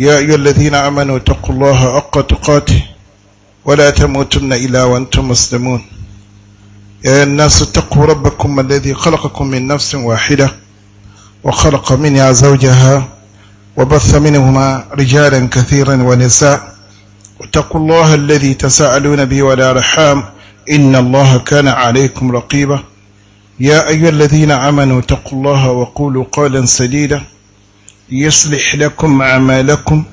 يا أيها الذين آمنوا اتقوا الله حق تقاته ولا تموتن إلا وأنتم مسلمون يا الناس اتقوا ربكم الذي خلقكم من نفس واحدة وخلق منها زوجها وبث منهما رجالا كثيرا ونساء واتقوا الله الذي تساءلون به ولا رحام إن الله كان عليكم رقيبا يا أيها الذين آمنوا اتقوا الله وقولوا قولا سديدا يصلح لكم أعمالكم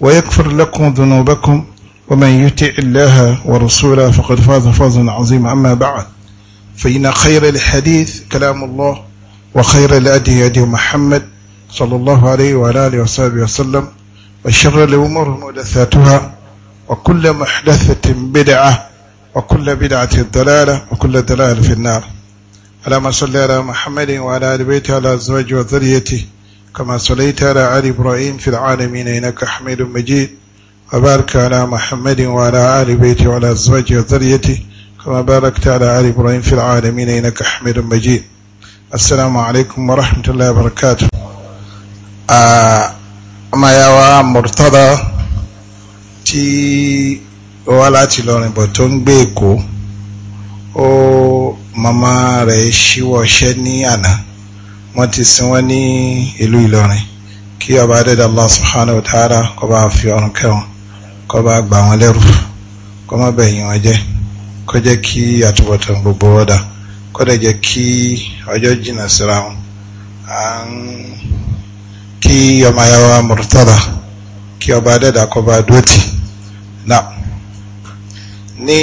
ويغفر لكم ذنوبكم ومن يطع الله ورسوله فقد فاز فوزا عظيما أما بعد فإن خير الحديث كلام الله وخير الأدي هدي محمد صلى الله عليه وعلى آله وصحبه وسلم وشر الأمور محدثاتها وكل محدثة بدعة وكل بدعة ضلالة وكل ضلالة في النار اللهم صل على محمد وعلى آل بيته وعلى أزواجه وذريته كما صليت على آل إبراهيم في العالمين إنك حميد مجيد وبارك على محمد وعلى آل بيته وعلى أزواجه وذريته كما باركت على آل إبراهيم في العالمين إنك حميد مجيد السلام عليكم ورحمة الله وبركاته ọmọ ya wa Murtada tí ó wá láti lọrin bọ̀ tó ń gbé wọ́n ti sin wọ́n ní ìlú Ìlọrin kí ọba adẹ́dà Allah subhanahu wa ta'ala kó bá fi ọrùn kẹwọn kó bá gbà wọ́n lẹ́rù kó má bẹ̀yìn wọn jẹ́ kó jẹ́ kí àtúbọ̀tán gbogbo ọ̀dà kó dẹ̀ jẹ́ kí ọjọ́ jìnnà síra wọn kí ọmọ ayáwa Murtada kí ọba adẹ́dà kó bá dúró tì náà ní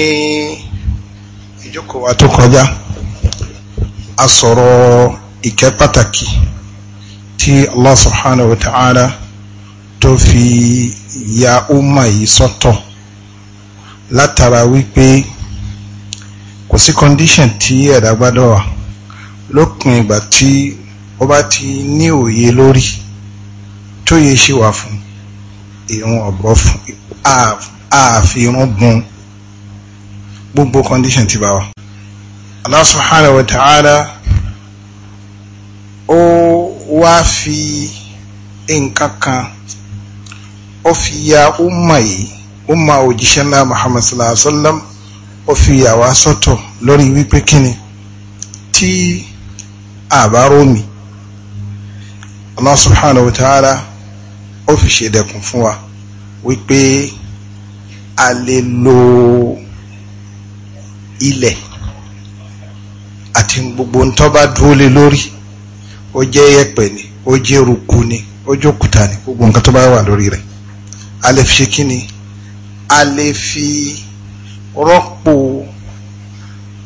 ìjókòó wa tó kọjá a sọ̀rọ̀ ìkẹ́ pàtàkì tí Allah subhanahu wa ta'ala tó fi ya umma yìí sọ́tọ̀ látara wípé kò sí condition tí ẹ̀dá gbádọ́ wà lópin ìgbà tí ó bá ti ní òye lórí tó yẹ ṣe wà fún ìrun ọ̀bọ̀ fún ààfihàn gun gbogbo condition ti bá wa. Allah subhanahu wa ta'ala ó wá fi nǹkan kan ó fi ya umma yìí umma òjíṣẹ́ ńlá muhammad sallallahu alaihi wa sallam ó fi yà wá sọ́tọ̀ lórí wípé kíni tí àbárómi allah subhanahu wa ta'ala ó fi ṣèdẹ̀kùn fún wa wípé a lè lo ilẹ̀ àti gbogbo ń dúró lé lórí ó jẹ́ yẹ̀pẹ̀ ni ó jẹ́ eruku ni ó jẹ́ òkúta ni gbogbo nǹkan tó bá wà lórí rẹ̀ a lè fi ṣe kí ni a lè fi rọ́pò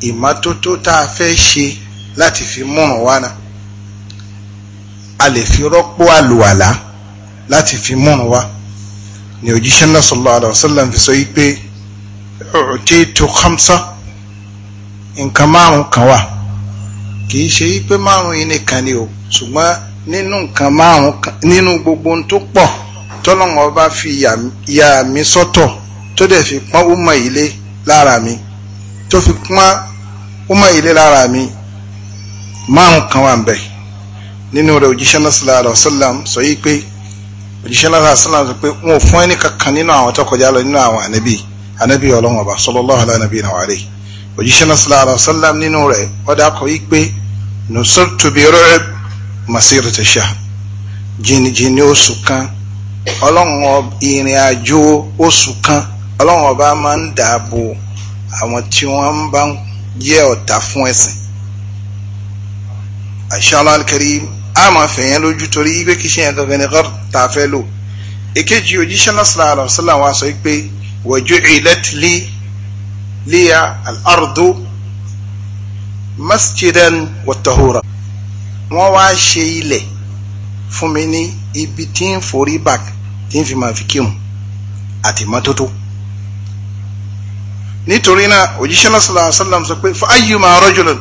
ìmọ́tótó tá a fẹ́ ṣe láti fi múràn wá náà a lè fi rọ́pò àlùwàlá láti fi múràn wá ni òjíṣẹ́ náà sallallahu alaihi wasallam fi sọ yí pé ọ̀tí tó khamsa nǹkan márùn-ún kan wà kì í ṣe wípé márùn yìí nìkan ni o ṣùgbọ́n nínú nǹkan márùn nínú gbogbo ohun tó pọ̀ tọ́lọ́run ọba fi ya mi sọ́tọ̀ tó dẹ̀ fi pọ́n ọmọ ilé lára mi tó fi pọ́n ọmọ ilé lára mi márùn kan wà ń bẹ nínú rẹ̀ òjíṣẹ́ náà sallallahu alaihi wasallam sọ yìí pé òjíṣẹ́ náà sallallahu alaihi wasallam sọ pé wọn ò fún ẹnì kankan nínú àwọn tó kọjá lọ nínú àwọn ànábì ànábì ọlọ́run ọba sallallahu alaihi wasallam òjíṣẹ́ náà sallallahu alaihi wasallam nínú rẹ̀ ọ̀dà kọ́ yí pé nusirtu bi ru'b masirata shahr jìnnìjìnnì oṣù kan ọlọ́run ìrìn àjò oṣù kan ọlọ́run ọba máa ń dààbò àwọn tí wọ́n bá ń jẹ́ ọ̀tá fún ẹ̀sìn àṣàlọ́ al-karim a máa fẹ̀yẹn lójú torí pé kí ṣe yẹn gangan ní kọ́r tá a fẹ́ lò èkejì òjíṣẹ́ náà sallallahu alaihi wasallam wá pé wa ju'ilat li. لي الأرض masjidan wa tahura wọ́n wá ṣe ilẹ̀ fún mi ní ibi tí ń forí back tí ń fi máa fi kírun àti mọ́tótó nítorí náà òjíṣẹ́ náà sallallahu alaihi sọ pé fa ayyuma rajulun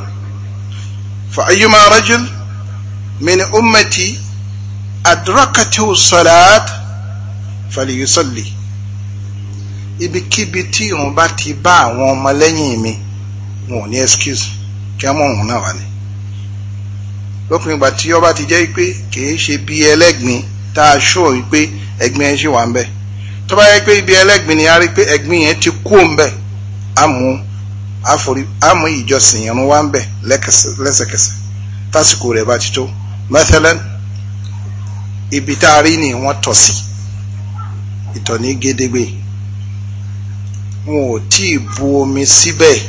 fa ayyuma rajul min ummati adrakatu salat falyusalli ibikíbi tí irun bá ti bá àwọn ọmọlẹ́yìn mi wọn ò ní excuse kí á mọ̀ òun náà wà ní. lópin ìgbà tí ọba ti jẹ́ pé kìí ṣe bí ẹlẹ́gbin tá a ṣó wípé ẹ̀gbin ẹ̀ ṣì wà ń bẹ̀ tó bá yẹ pé ibi ẹlẹ́gbin ni a rí pé ẹ̀gbin yẹn ti kú ń bẹ̀ á mú àforí á mú ìjọsìn irun wá ń bẹ̀ lẹ́sẹ̀kẹsẹ̀ tásìkò rẹ̀ bá ti tó mẹ́tẹ́lẹ́n ibi tá a rí ni wọ́n tọ̀ sí ìtọ̀ ní gédégbé wọn ò tí ì bu omi síbẹ̀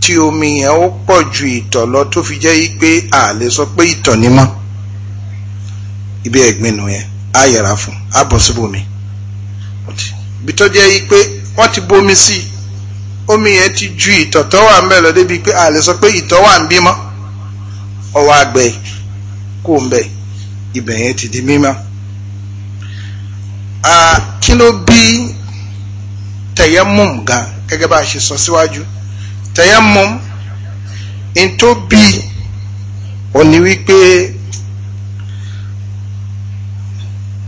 tí omi yẹn ó pọ̀ ju ìtọ̀ lọ tó fi jẹ́ pé a lè sọ pé ìtọ̀ ni mọ́ ibi ẹ̀gbin nù yẹn á yẹra fún á bọ̀ síbòmí ibi tó jẹ́ pé wọ́n ti bomi sí i omi yẹn ti ju ìtọ̀ tó wà ń bẹ̀ lọ débi pé a lè sọ pé ìtọ̀ wà ń bí mọ́ ọwọ́ àgbẹ̀ kò ń bẹ̀ ibẹ̀ yẹn ti di mímọ́ kí ló bí tẹ̀yẹ́mùm gan gẹ́gẹ́ bá a ṣe sọ síwájú tẹ̀yẹ́mùm n tó òní wípé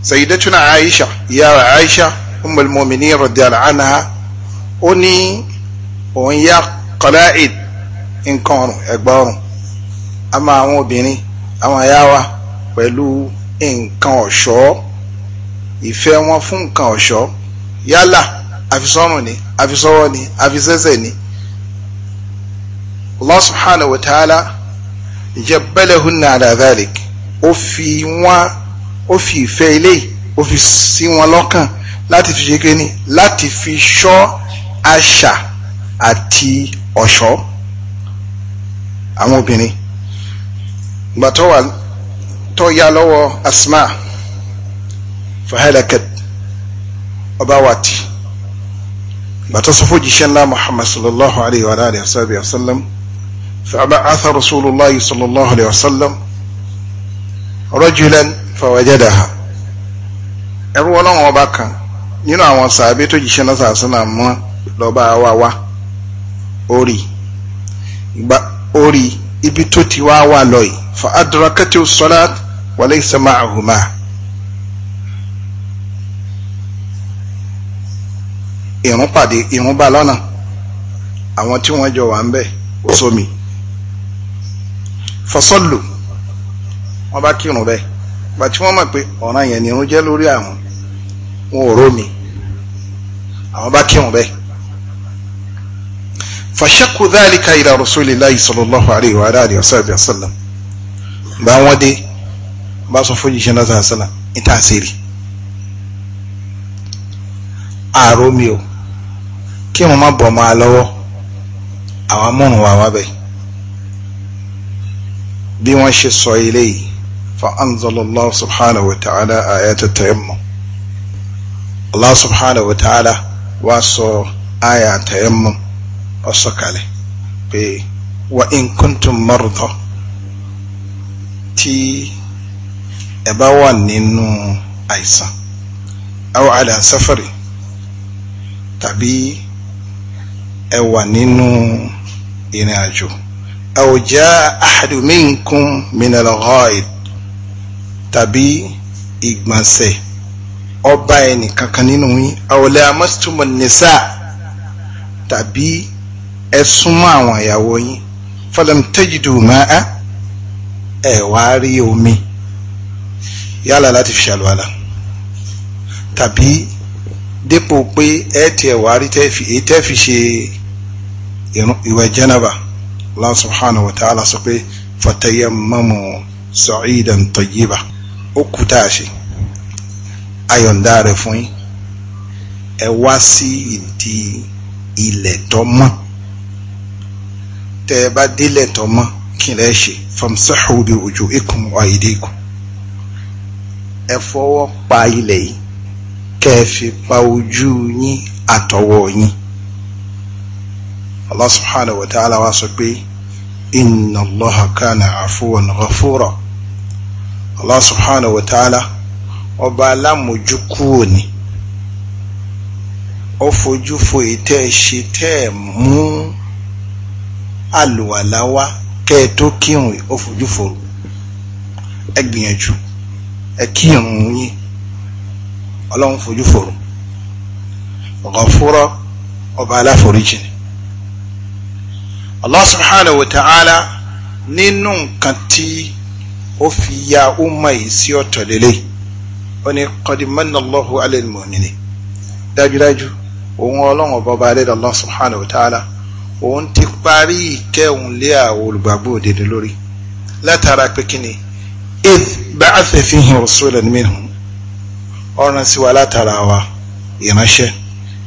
sayyidatuna aisha yara aisha ummul mu'minin radiyallahu anha ó ní òun yá qala'id nǹkan ọrùn ẹ̀gbà ọrùn ama máa àwọn obìnrin àwọn ìyá wa pẹ̀lú nǹkan ọ̀ṣọ́ ìfẹ́ wọn fún nǹkan ọ̀ṣọ́ yálà àfisọ́rùn ni àfisọ́wọ́ ni àfisẹ́sẹ̀ ni Allah subhanahu wa ta'ala jabbalahunna ala dhalik ó fi wọ́n ó fi ìfẹ́ ilé ó fi sí wọn lọ́kàn láti fi ṣe kíni láti fi ṣọ́ àṣà àti ọ̀ṣọ́ àwọn obìnrin ìgbà tó wà tó lọ́wọ́ asma fahalakat ọba wa ti bàtà sọ fún jíṣẹ́ ńlá muhammad sallallahu alayhi wa alayhi wa sallam fa'abatha rasulullah sallallahu alayhi wa sallam rajulan fawajadaha ẹrú ọlọ́run ọba kan nínú àwọn sàábé tó jíṣẹ́ náà sàásánà mọ́ lọ́ba wa wá orí ìgbà orí ibi tó ti wá wà fa adrakatu salat wa laysa ma'ahuma ìrún pàdé ìrún bá lọ́nà àwọn tí wọ́n jọ wà ń bẹ̀ sómi fọsọ́lù wọ́n bá kírun bẹ́ẹ̀ gbà tí wọ́n mọ̀ pé ọ̀ràn yẹn nìrún jẹ́ lórí àwọn wọn ò rómi àwọn bá kírun bẹ́ẹ̀ fàṣẹ́kù dhalika ila rasulillahi sallallahu alayhi wa alihi wa sallam bá wọ́n dé bá sọ fún jíṣẹ́ náà sàlá ìtàsírì àrómi o kí mo má bọ̀ máa lọ́wọ́ àwọn amóhùn wa wábẹ̀ bí wọ́n ṣe sọ ilé yìí fa anzalallahu subhanahu wa ta'ala ayat tayammum Allah subhanahu wa ta'ala wá sọ aya tayammum ọsọ kalẹ̀ pé wa in kuntum marda tí ẹ bá wà nínú àìsàn aw ala safari tàbí ẹ wà nínú ìrìn àjò aw jaa ahadu minkum minal ghaid tàbí ìgbọ̀nsẹ̀ ọba ẹnì kankan nínú yín aw lamastumun nisa tàbí ẹ súnmọ́ àwọn ìyàwó yín falam tajidu ma'a ẹ wá rí omi yálà láti fi ṣàlùwàlà tàbí dépò pé ẹ tiẹ̀ wá rí tẹ́ fi ṣe ìwẹ̀ jẹ́nàbà Allah subhanahu wa ta'ala sọ pé fatayammamu sa'idan tayyiba ó kú tá a ṣe ayọ̀ǹda rẹ̀ fún yín ẹ wá sí ìdí ilẹ̀ tọ́mọ́ tẹ́ ẹ bá délẹ̀ tọ́mọ́ kí lẹ́ ṣe famsahu bi wujuhikum wa aydikum ẹ fọwọ́ pa ilẹ̀ yìí kẹ́ ẹ fi pa ojú yín àtọwọ́ yín Allah subhanahu wa ta'ala wá sọ pé inna Allaha kana afuwan ghafura Allah subhanahu wa ta'ala ọba alámójúkúrò ni ó fojú fo ìtẹ́ ṣe tẹ́ ẹ̀ mú àlùwàlá wá kẹ́ ẹ tó kírun ó fojú fo ghafura ọba aláforíjì Allah subhanahu wa ta'ala nínú nǹkan tí ó fi ya umma yìí sí ọ̀tọ̀ lélẹ̀ ó ní qad manna Allahu alal mu'minin dájúdájú òun ọlọ́run ọba ọba alẹ́ Allah subhanahu wa ta'ala òun ti parí ìkẹ́ òun lé àwọn olùgbàgbọ́ òdèdè lórí látara pé kí ni id ba'atha fihim rasulan minhum ọ̀ràn sí wa látara wa ìránṣẹ́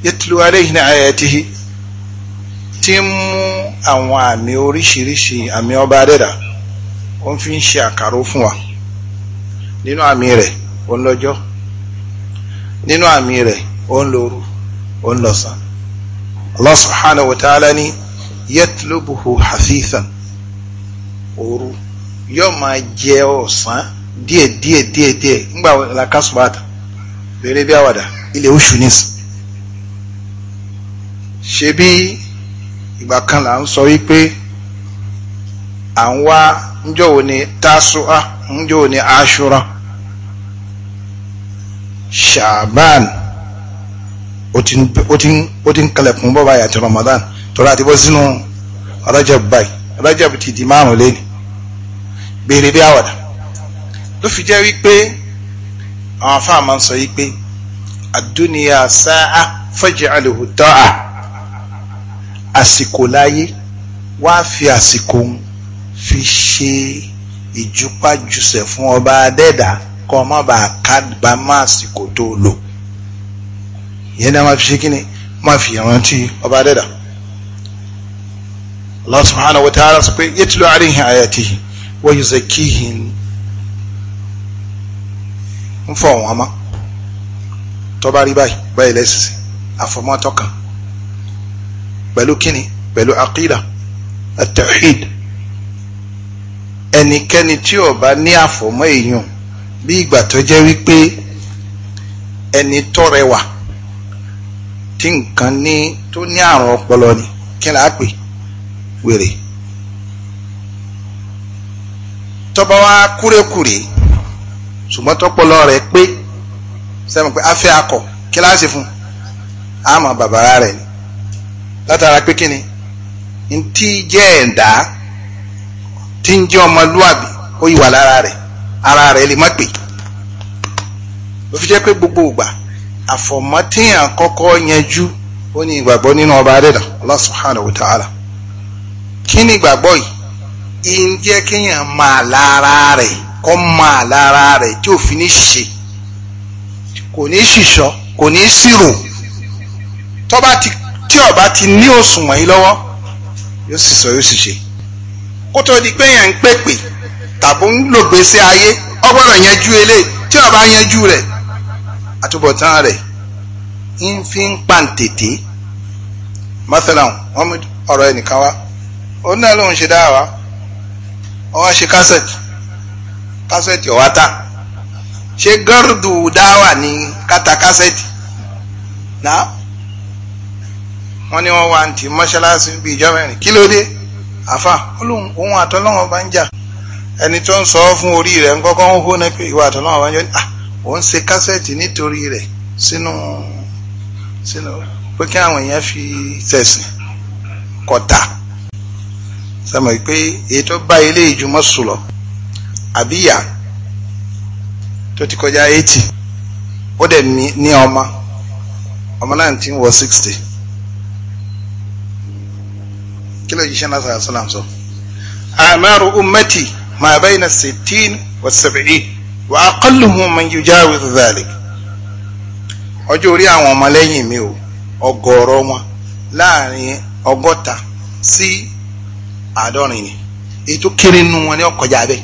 yatlu alayhim ayatihi. tí ń mú àwọn àmì oríṣiríṣi àmì ọba adẹ́dà ó fi ń ṣe àkàró fún wa nínú àmì rẹ̀ ó ń lọ́jọ́ nínú àmì rẹ̀ ó ń lóru ó ń lọ́sàn Allah subhanahu wa ta'ala ni yatlubuhu hafithan òru yóò máa jẹ ọ̀sán díẹ̀ díẹ̀ díẹ̀ díẹ̀ ńgbà ìgbà kan là ń sọ wípé à ń wá wo ni tásúà ńjọ́ wo ni aṣúra ṣàbán ó ti ń kalẹ̀kùn bọ́ báyìí àti Ramadan tọ́lá àti bọ́ sínú Rajab báyìí Rajab ti di márùn lẹ́nu béèrè bí àwàdà ló fi jẹ́ wípé àwọn afáàmà ń sọ wípé àdúnìyà sáà alihu ta'a. àsìkò láyé wá fi àsìkò ń fi ṣe ìjúpájúṣẹ̀ fún ọba adẹ́dà kọ́ ọmọ bá kábàámọ̀ àsìkò tó lò yẹn náà máa fi ṣe kíni máa fi rántí ọba adẹ́dà Allah subhanahu wa ta'ala sọ pé yatlu alayhim ayatihi wa yuzakkihim ń fọ̀ wọ́n mọ́ tọ́ba rí báyìí báyìí lẹ́sìn àfọmọ́tọ́ kan pẹ̀lú kíni pẹ̀lú àkídà at-tawhid ẹnikẹ́ni tí ó bá ní àfọ̀mọ́ èèyàn bí ìgbà tó jẹ́ wípé ẹni tó rẹwà tí nǹkan ní tó ní àrùn ọpọlọ ni kí ni a pè wèrè tọba wa kúrekúre ṣùgbọ́n tọpọlọ rẹ̀ pé sẹ́mi pé afẹ́ akọ kíláàsì fún àmọ́ bàbára rẹ̀ ni látara pé kíni ntí jẹ́ ẹ̀dá tí ń jẹ́ ọmọlúwàbí ó yìí wà lára rẹ̀ ara rẹ̀ lè má pè ó fi jẹ́ pé gbogbo ìgbà àfọ̀mọ́tíyàn kọ́kọ́ yanjú ó ní ìgbàgbọ́ nínú ọba adẹ́dà alasọ subhanahu wa ta'ala ìgbàgbọ́ yìí ń jẹ́ kéèyàn máa lára rẹ̀ kọ́ máa lára rẹ̀ tí fi ní ṣe kò ní tí ọba ti ní òṣùwọ̀n yìí lọ́wọ́ yóò sì sọ yóò sì ṣe kó tó di pé yẹn ń pèpè tàbí ń lò gbèsè ayé ó gbọ́dọ̀ yanjú eléyìí tí ọba yanjú rẹ̀ àtúbọ̀tán rẹ̀ ń fi ń pàǹtètè mọ́tàlá wọn mú ọ̀rọ̀ ẹnìkan wá òun náà lòun ṣe dáhà wá wọ́n wá ṣe kásẹ̀tì kásẹ̀tì ọ̀wá tà ṣe gọ́rùdù dáwà ní kátà kásẹ̀tì náà wọ́n ní wọ́n wá ń tì mọ́ṣáláṣí bí ìjọ mẹ́rin kí ló dé àfà olóhùn òun àtọ́lọ́wọ́n bá ń jà ẹni tó ń sọ fún orí rẹ̀ ń ń hó náà ìwà àtọ́lọ́wọ́n bá ń jà ah òun ṣe kásẹ̀tì nítorí rẹ̀ sínú sínú pé kí àwọn èèyàn fi tẹ̀sìn kọ̀tà sọmọ pé èyí tó bá ilé ìjùmọ̀ sùn lọ àbíyà tó ti kọjá eighty ó dẹ̀ ní ọmọ ọmọ náà ti ń wọ sixty kí ló jíṣẹ́ náà sàlám sọ. àmàrù ummati ma bayna sittin wa sab'in wa aqalluhum man yujawiz dhalik. ọjọ́ orí àwọn ọmọlẹ́yìn mi ò ọgọ́rọ̀ wọn láàrin ọgọ́ta sí àádọ́rin ni ètò kéré nù wọn ní ọkọjà bẹ́ẹ̀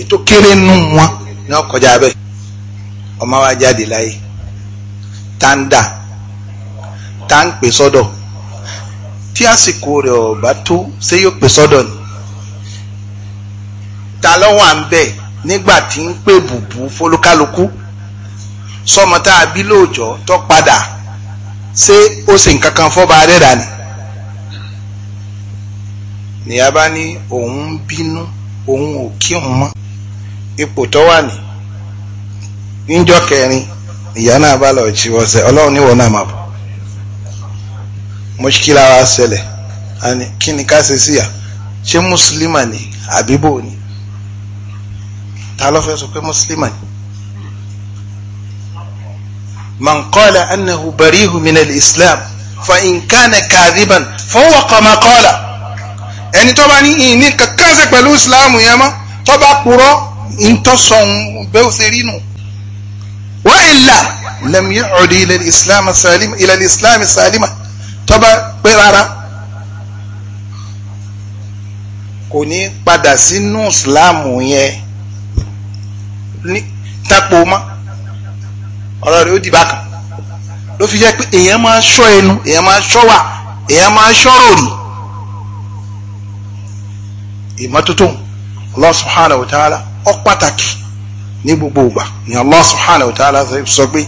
ètò kéré nù wọn ní ọkọjà bẹ́ẹ̀ ọmọ wa jáde láyé tàǹdà tá ń pè sọ́dọ̀ tí àsìkò rẹ̀ ò bá tó ṣé yóò pè sọdọ ni ta ló wà ń bẹ̀ nígbà tí ń pè bùbù fólúkálukú sọmọ tá a bí lóòjọ́ tó padà ṣé ó sì ń kankan fọ́ba ni nìyá bá ní òun ń bínú òun ò kí òun mọ́ ipò kẹrin ìyá náà bá lọ jí mọ́ṣíkìlá wa ṣẹlẹ̀ kí ni ká ṣe síyà ṣé mùsùlùmá ni àbíbò ni ta ló fẹ́ sọ pé mùsùlùmá ni. من قال أنه بريء من الإسلام فإن كان كاذبا فهو كما قال ẹni tó bá ní ìní kankan ṣe pẹ̀lú ìsìláàmù yẹn mọ́ tó bá purọ́ ìtọ́sọ̀hún bẹ́ẹ̀ ṣe rí nù. وإلا لم يعد إلى الإسلام السالم إلى الإسلام السالمة tọ́ba pé rárá kò ní padà sínú ìsìláàmù yẹn ní tápò mọ́ ọ̀rọ̀ rẹ̀ ó dìbà kan ló fi jẹ́ pé èèyàn máa ṣọ́ ẹnu èèyàn máa ṣọ́ wà èèyàn máa ṣọ́ ròrì ìmọ́tótó Allah subhanahu wa ta'ala pàtàkì ní gbogbo ìgbà ni Allah subhanahu wa sọ pé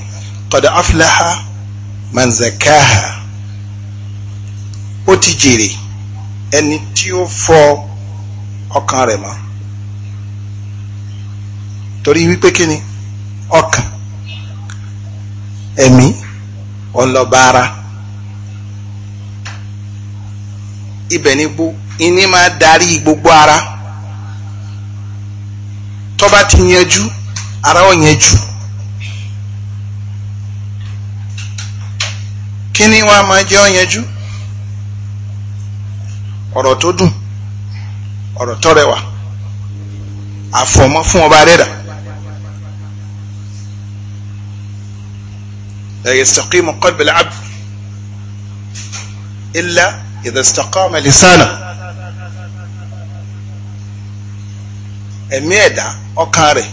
qad aflaha man ó ti jèrè ẹni tí ó fọ ọkàn rẹ̀ mọ́ torí wípé kí ni ọkàn ẹ̀mí ọlọ́ba ara ibẹ̀ ni gbó iní máa darí gbogbo ara tó ti yanjú ara ò yanjú kí ni wọ́n máa yanjú. ọ̀rọ̀ tó dùn ọ̀rọ̀ tó àfọ̀mọ́ fún ọba rẹ̀ rà. لا يستقيم قلب العبد إلا إذا استقام لسانه ẹ̀mí ẹ̀dá ọkàn rẹ̀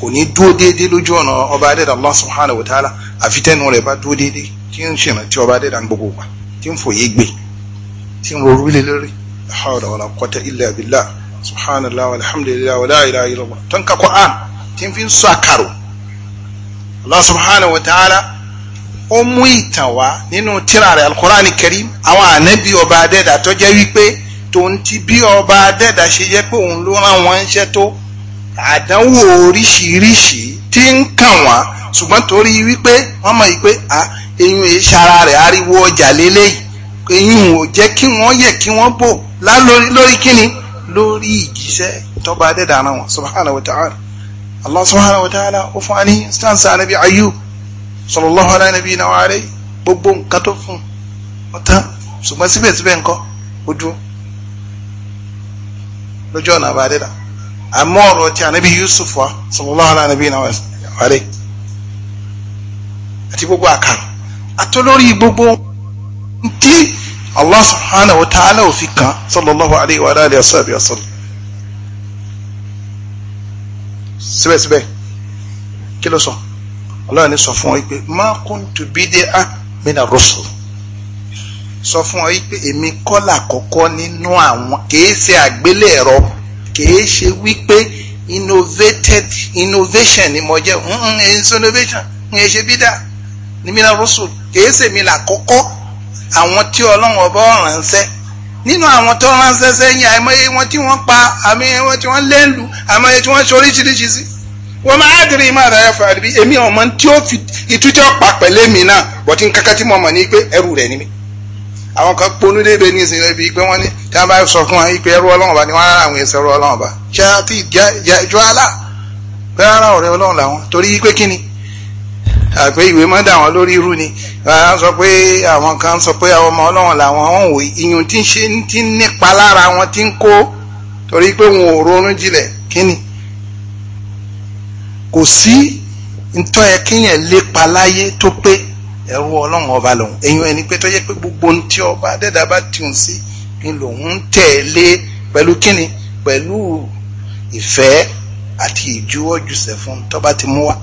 kò ní dúó déédéé lójú ọ̀nà ọba adẹ́dà Allah subhanahu wa ta'ala àfitẹ́nu rẹ̀ bá dúó déédéé tí ń ṣèrántí ọba adẹ́dà gbogbo wa tí ń fòye gbé tí ń ro orílẹ̀ lórí la hawla wala quwwata illa billah subhanallah walhamdulillah wala ilaha illallah tan ka qur'an tin fi sakaro allah subhanahu wa ta'ala ó mú ìtàn wá nínú tírà rẹ̀ alquran karim àwọn ànábì ọba adẹ́dà tó jẹ́ wípé tòun ti bí ọba adẹ́dà ṣe jẹ́ pé òun ló rán wọn ṣẹ́ tó àdánwò oríṣiríṣi tí ń kàn wọ́n ṣùgbọ́n torí wípé wọ́n mọ̀ wípé à eyín ìṣara rẹ̀ ariwo ọjà lélẹ́yìí èyí ò jẹ́ kí wọ́n yẹ̀ kí wọ́n bò lórí kíni lórí ìjíṣẹ́ tọ́ba adẹ́dà ara wọn subhanahu wa ta'ala allah subhanahu wa ta'ala ó fún ani stance anabi ayub sallallahu alayhi nabi na wàhálẹ gbogbo nǹkan tó fún ọ̀tá ṣùgbọ́n síbẹ̀síbẹ̀ nǹkan ó dúró lójú ọ̀nà àbá adẹ́dà àmọ́ ọ̀rọ̀ ti anabi yusuf wa sallallahu alayhi nabi na wàhálẹ àti gbogbo àkàrà àtọ́lórí gbogbo ntí. Allah subhanahu wa ta'ala ò fi kàn sallallahu alayhi wa alayhi wa sallam wa sallam síbẹ̀síbẹ̀ kí ló sọ Allah ni sọ fún ọ pé ma kuntu bid'a mina rusul sọ fún ọ pé èmi kọ́là kọ́kọ́ nínú àwọn kìí ṣe àgbélẹ̀rọ kìí ṣe wípé innovated innovation ni mo jẹ́ n n innovation n ṣe bídà ni mina rusul kìí ṣe mi là kọ́kọ́ àwọn tí ọlọ́run ọba ránṣẹ́ nínú àwọn tó ránṣẹ́ sẹ́yìn àìmọye wọn tí wọ́n pa àmọye wọn tí wọ́n lẹ́lu àmọye tí wọ́n ṣe oríṣiríṣi sí wọ́n máa dìrì ìmọ̀ àrà ẹ̀fọ́ àdìbí èmi ọ̀mọ tí ó fi ìtújọ́ pa pẹ̀lẹ́ mi náà bọ̀tí kankan tí mo mọ̀ ní pé ẹrù rẹ̀ ni mi àwọn kan ponú débè ní ìsìn rẹ̀ bíi pé wọ́n ní tí wọ́n bá sọ fún wa pé ẹrú ọlọ́run ọba ni wọ́n rárá àwọn èso ẹrú ọlọ́run ọba ṣáà tí ìjọ alá pé rárá ọ̀rẹ́ ọlọ́run làwọn torí pé kí ni àpé ìwé má dà wọn lórí irú ni wọ́n sọ pé àwọn kan sọ pé àwọn ọmọ ọlọ́wọ̀n làwọn ń wò ìyún tí ń ṣe ti ń nípa lára wọn ti ń kó torí pé wọn ò ronú jinlẹ̀ kíni kò sí ntọ́ yẹ kíyàn lépa láyé tó pé ẹ̀rù ọlọ́run ọba lòun èyàn ẹni pé tó yẹ pé gbogbo ohun tí ọba adẹ́dá bá tiun sí ni lòun ń tẹ̀lé pẹ̀lú kíni pẹ̀lú ìfẹ́ àti ìjuwọ́jùsẹ̀ fún tọ́ba ti mú wa.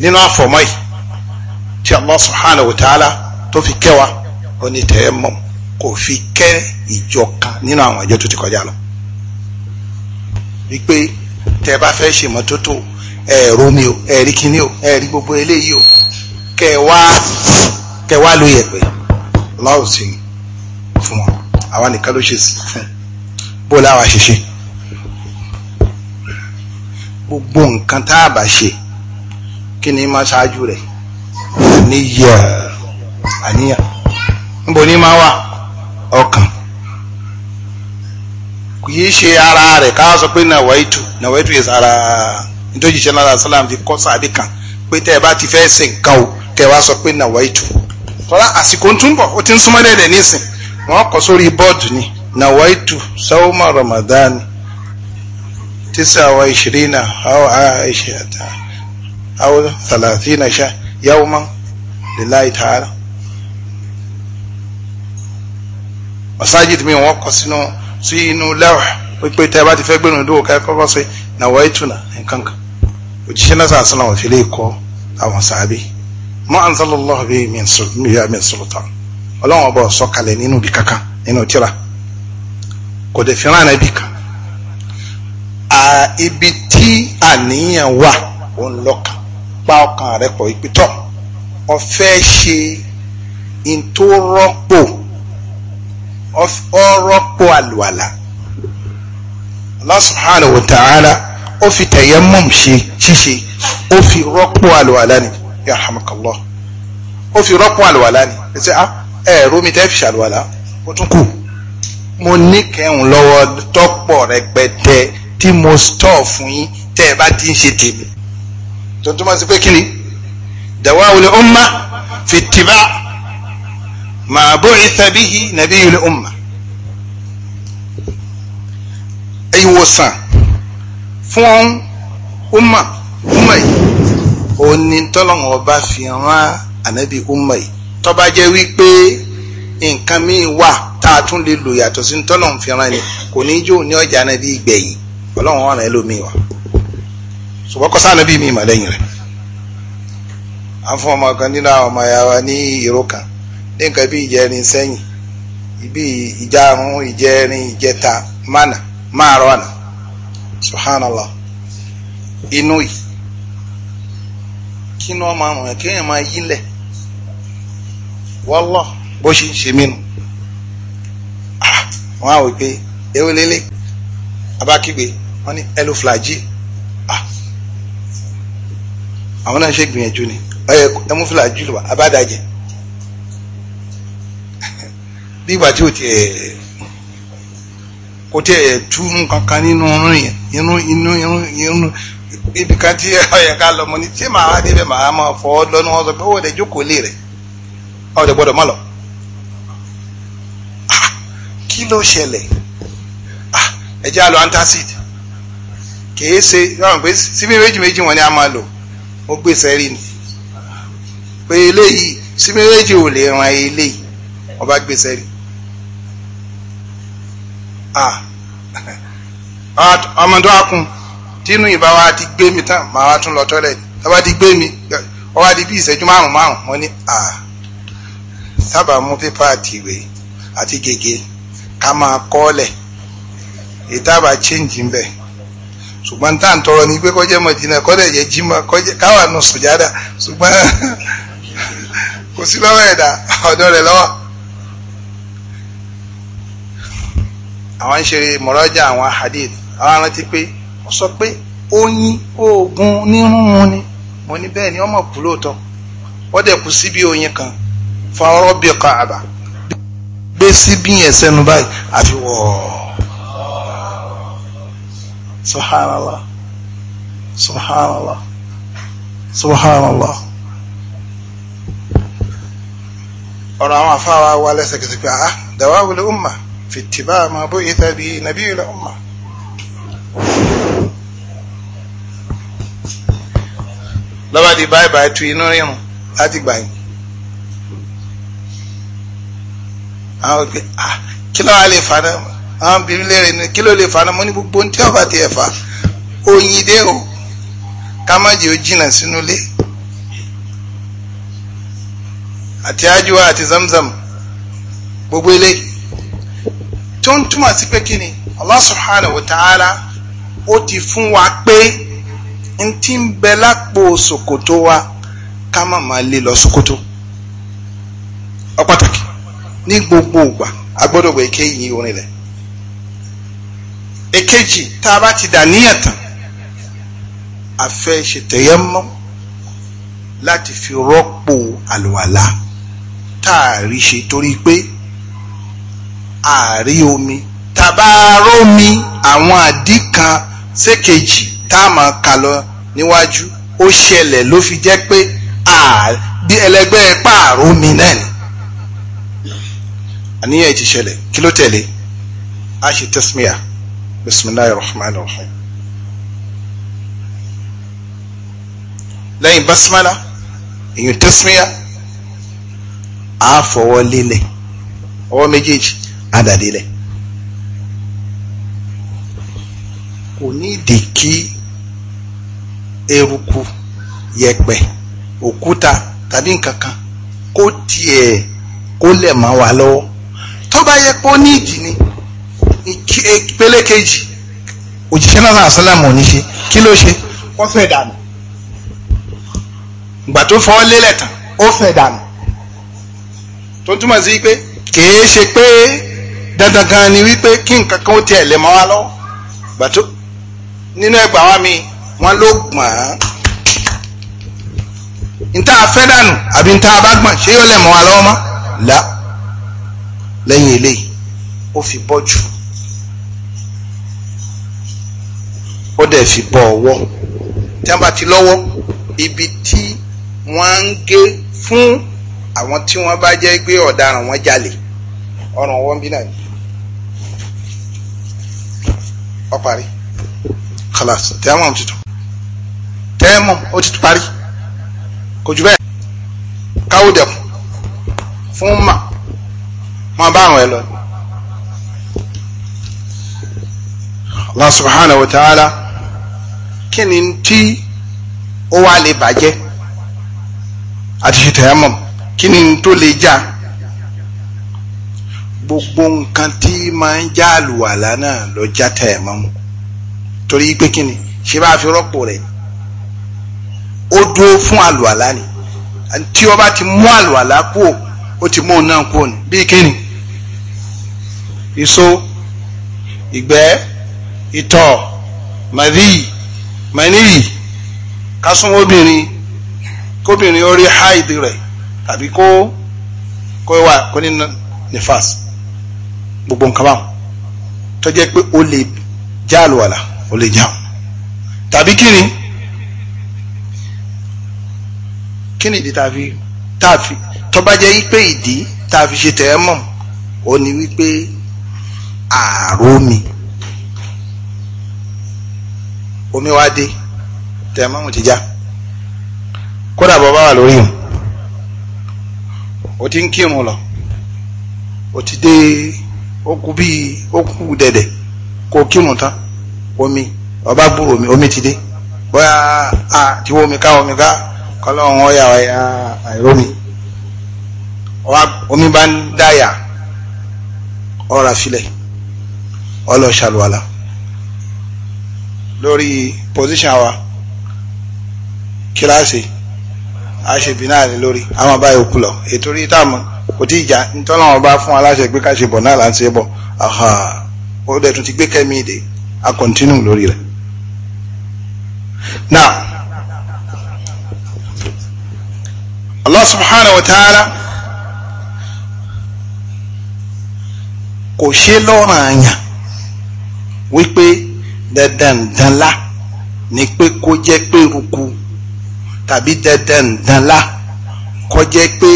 nínú àfọ̀mọ́ yìí tí Allah subhanahu wa ta'ala tó fi kẹ́ wa ó ní tayammum kò fi kẹ́ ìjọ kan nínú àwọn ìjọ tó ti kọjá lọ wípé tẹ́ bá fẹ́ ṣe mọ́tótó ẹ̀rọ mi o ẹ̀rí kíní o ẹ̀rí gbogbo eléyìí o kẹwàá kẹwàá ló yẹ pé fún wọn àwa nìkan ló ṣe fún bó láwa ṣe ṣe gbogbo nǹkan tá a bá ṣe kí ni máa ṣáájú rẹ̀ níyà àníyàn níbo ní máa wà ọkàn kì í ṣe ara rẹ̀ ká sọ pé nàwáìtù nàwáìtù yẹ sára nítorí ìṣẹ́ náà sálàm fi kọ́ sáàbì kan pé tẹ́ ẹ bá ti fẹ́ ṣe nǹkan o kẹ́ ẹ wá sọ pé nàwáìtù tọ́lá àsìkò ń túnbọ̀ ó ti ń súnmọ́ dẹ̀dẹ̀ nísìn wọ́n kọ́ sórí bọ́ọ̀dù ni nàwáìtù sáwọ́mà Ramadan tísà wa ìṣirí náà àwọn àìṣe àtàwọn. أو ثلاثين يوما لله تعالى masajid mi wọn kọ sínú sí inú lẹ́wà pípé tẹ́ bá ti fẹ́ gbẹ̀rún ìdúró ká kọ́kọ́ sí na wọ́n ìtùnà nǹkan kan òjíṣẹ́ náà sàásánà wọ́n fi lè kọ́ àwọn sàábí mọ́ anzalallahu bíi min sultan ọlọ́wọ́n bọ̀ sọ́kalẹ̀ nínú bí kankan nínú tíra kò dẹ̀ fi ránà bí kan ibi tí àníyàn pa ọkàn rẹ pọ̀ ìpìtọ́ ọ̀fẹ́ ṣe ìtòrọ́pò ọ̀rọ̀pò àlùwàlà Allah subhanahu wa ta'ala ó fi tayammum ṣe ṣíṣe ó fi rọ́pò àlùwàlà ni yarhamakallah ó fi rọ́pò àlùwàlà ni ẹ sẹ́ ah ẹ̀rọ mi tẹ́ fi ṣàlùwàlà ó tún kù mo ní kẹ́hùn lọ́wọ́ tọ́pọ̀ rẹpẹtẹ tí mo stọ̀ fún yín tẹ́ ẹ bá ti ń ṣe tèmi tó túmọ̀ sí pé kíni dawawul umma fi tiba ma bu'itha bihi nabiyul umma ìwòsàn fún umma umma yìí òun ni tọ́lọ́hún ọba fi rán ànábì umma yìí tó bá jẹ́ wípé nǹkan míì wà tá a tún lè lò yàtọ̀ sí fi rán ni kò ní jó ní ọjà náà bí ìgbẹ̀yìn ọlọ́run ọ̀ràn ẹlòmíì wà ṣùgbọ́n kọ́sá ànábì mi ìmọ̀ lẹ́yìn rẹ̀ à ń fún kan nínú àwọn ọmọ ya ní ìró kan ní nǹkan bí ìjẹrin sẹ́yìn ibi ìjárun ìjẹrin ìjẹta mánà máàrọ̀ àná subhanallah inú yìí kí ni wọ́n máa rùn kéèyàn máa yílẹ̀ wallah bó ṣe ń ṣe mí nu ah, wọ́n á wò pé ewé lélẹ̀ abákígbe wọ́n ní ẹlòflagil àwọn náà ṣe gbìyànjú ni ẹ mú fìlà jùlọ abádàjẹ bí ìgbà tí ò tiẹ̀ kò tiẹ̀ túnú kankan nínú irun yẹn inú inú inú inú ibi kan tí ọyẹ ká lọ mọ ni tí màá wá débẹ̀ màá máa fọ ọ lọ ní wọn sọ pé ó rẹ jókòó lé rẹ ọ rẹ gbọ́dọ̀ má lọ ah, kí ló ṣẹlẹ̀ ah, ẹ jẹ́ àlọ́ antacid kì í ṣe síbí méjì méjì wọn ni a máa lò ó gbé sẹ́rí ni pé eléyìí sí méjèèjì ò lè ran eléyìí ọba gbé sẹ́rí ọmọdé akun tínú ìbá wa ti gbé mi tán màá wá tún lọ tọ́lẹ̀ tọ́ba ti gbé mi ọba di bí ìṣẹ́jú márùn márùn wọ́n ní sábà mú pépà àti ìwé àti gègé ká máa kọ́ọ̀lẹ̀ ìtàbà chíǹjì ń bẹ̀ ṣùgbọ́n tá à ń tọrọ ní pé kọjẹ́ mọ̀dínà kọ́dẹ̀ jẹ́ jimá kọjẹ́ káwà nù sùjádà ṣùgbọ́n kò sí lọ́wọ́ ẹ̀dá ọ̀dọ́ rẹ̀ lọ́wọ́. àwọn ń ṣe mọ̀rọ́jà àwọn hadith àwọn arántí pé wọ́n sọ pé oyin oògùn nírúnrún ni mo ní bẹ́ẹ̀ ni ọmọ kú lóòótọ́ wọ́n dẹ̀ kú síbi oyin kan fa ọrọ́ bí ọkọ̀ àbá gbé síbi ẹ̀sẹ̀ nu báyìí àfi wọ̀ọ́ subhanallah subhanallah subhanallah ọ̀rọ̀ àwọn afáwa wa lẹ́sẹ̀kẹsẹ̀ pé àá ah, dawawul umma fi ittiba ma bu'itha bi nabiyul umma lọ́ba di báyìí báyìí tu inú rírun láti gbà yín àwọn òkè ah kí ló wà lè fa náà àwọn obìnrin lè rìn kí ló lè fa náà mo ní gbogbo ohun tí ọba ti ẹ̀ fa oyin dé o ká má jẹ́ ó sínú ilé àti ájúwa àti zamzam gbogbo ilé tó ń túmọ̀ sí pé kí ni Allah subhanahu wa ta'ala ó ti fún wa pé n ti ń bẹ lápò ṣòkòtò wa ká má máa lè lọ ṣòkòtò ọ pàtàkì ní gbogbo ìgbà agbọ́dọ̀ gbé kéyìn orin rẹ̀ èkejì tá a bá ti dà níyàn tán a fẹ́ ṣètẹ̀yẹ mọ́ láti fi rọ́pò àlùwàlá tá a rí ṣe torí pé a rí omi tàbárómi àwọn àdí kan sékejì tá a máa kà lọ níwájú ó ṣẹlẹ̀ ló fi jẹ́ pé bí ẹlẹgbẹ́ pààrómi náà ni àníyàn ti ṣẹlẹ̀ kí ló tẹ̀lé a ṣe tẹ́símíà. بسم الله الرحمن الرحيم لين basmala èyàn tẹ́símíyà á fọwọ́ lélẹ̀ ọwọ́ méjèèjì á dàdélẹ̀ kò ní ìdí kí eruku yẹ̀pẹ̀ òkúta tàbí nǹkan kan kó tiẹ̀ kó lẹ̀ máa wà lọ́wọ́ tó bá ó ní ìdí ni. E, ìpele kejì òjíṣẹ́ náà sàlám ò ní ṣe kí ló ṣe ó fẹ́ dànù ìgbà tó fọ́ lélẹ̀ tán ó fẹ́ dànù tó túmọ̀ sí pé kìí ṣe pé dandan gan ni wípé kí nǹkan kan ó tiẹ̀ lè mọ́ wa lọ́wọ́ ìgbà tó nínú ẹgbàá wa mi wọ́n ló gbọ̀n án nta fẹ́ dànù àbí nta bá gbọ̀n ṣé yóò lè mọ́ wa lọ́wọ́ mọ́ là lẹ́yìn eléyìí ó fi bọ́ jù. ó dẹ̀ fi bọ́ ọwọ́ tí wọ́n bá ti lọ́wọ́ ibi tí wọ́n ń gé fún àwọn tí wọ́n bá jẹ́ pé ọ̀daràn wọn jalè ọ̀ràn wọn bí náà ni ọ parí khalas tẹ́mọ̀ ti tún tẹ́mọ̀ ó ti tún parí kò jù bẹ́ẹ̀ káwó dẹ̀kun fún mà máa bá àwọn ẹ lọ. Allah subhanahu wa ta'ala kí ni tí ó wá lè bàjẹ́ àti ṣe tẹ̀yàmọ̀ kí ni tó lè já gbogbo nǹkan tí máa ń já àlùwàlá náà lọ já tẹ̀yàmọ̀ mu torí pé kí ni ṣe bá fi rọ́pò rẹ̀ ó dúró fún àlùwàlá ni tí ó bá ti mú àlùwàlá kúò ó ti mú òun náà kúò ní bí kí ni ìso ìgbẹ́ ìtọ̀ màdíyì mẹ́nìyì ká súnmọ́ obìnrin kóbìnrin ó rí haid rẹ̀ tàbí kó kó wà kó ní nifas gbogbo nǹkan báwọn tó jẹ́ pé ó lè já àlùwàlà ó lè já tàbí kí ni kí ni ìdí tàbí tàbí tó bá jẹ́ pé ìdí tàbí ṣe tẹ̀ ẹ́ mọ̀ ó ní wípé ààrò mi. omi wa dé tẹ̀mọ́mù ti já kódà bọ́ bá wà lórí hùn ó ti ń kírun lọ o ti dé ó kú bíi ó kú dẹ̀dẹ̀ kó kírun tán omi ọba gbúrò omi omi ti dé bóyá a ti wọ omi ká omi ká kọlọ́run ọ̀yà ọ̀yà àìrómi omi bá ń dáyà ọ̀rà filẹ̀ ọlọ́ṣàlùwàlà. lórí position wa kíláàsì àṣebìnáàlè lórí àwọn abáyé òkú lọ ètò orí táàmù kò tí ìjà nítọ́láwọn ọba fún aláṣẹ pé ká ṣe bọ náà là ṣe bọ ó dẹ̀ tún ti gbé kẹ́mi ìdè a continue lórí rẹ̀ now Allah subhanahu wa ta'ala kò ṣe lọ́ràn àyàn wípé dandandanla ni pé kó jẹ́ pé ruku tàbí dandandanla kó jẹ́ pé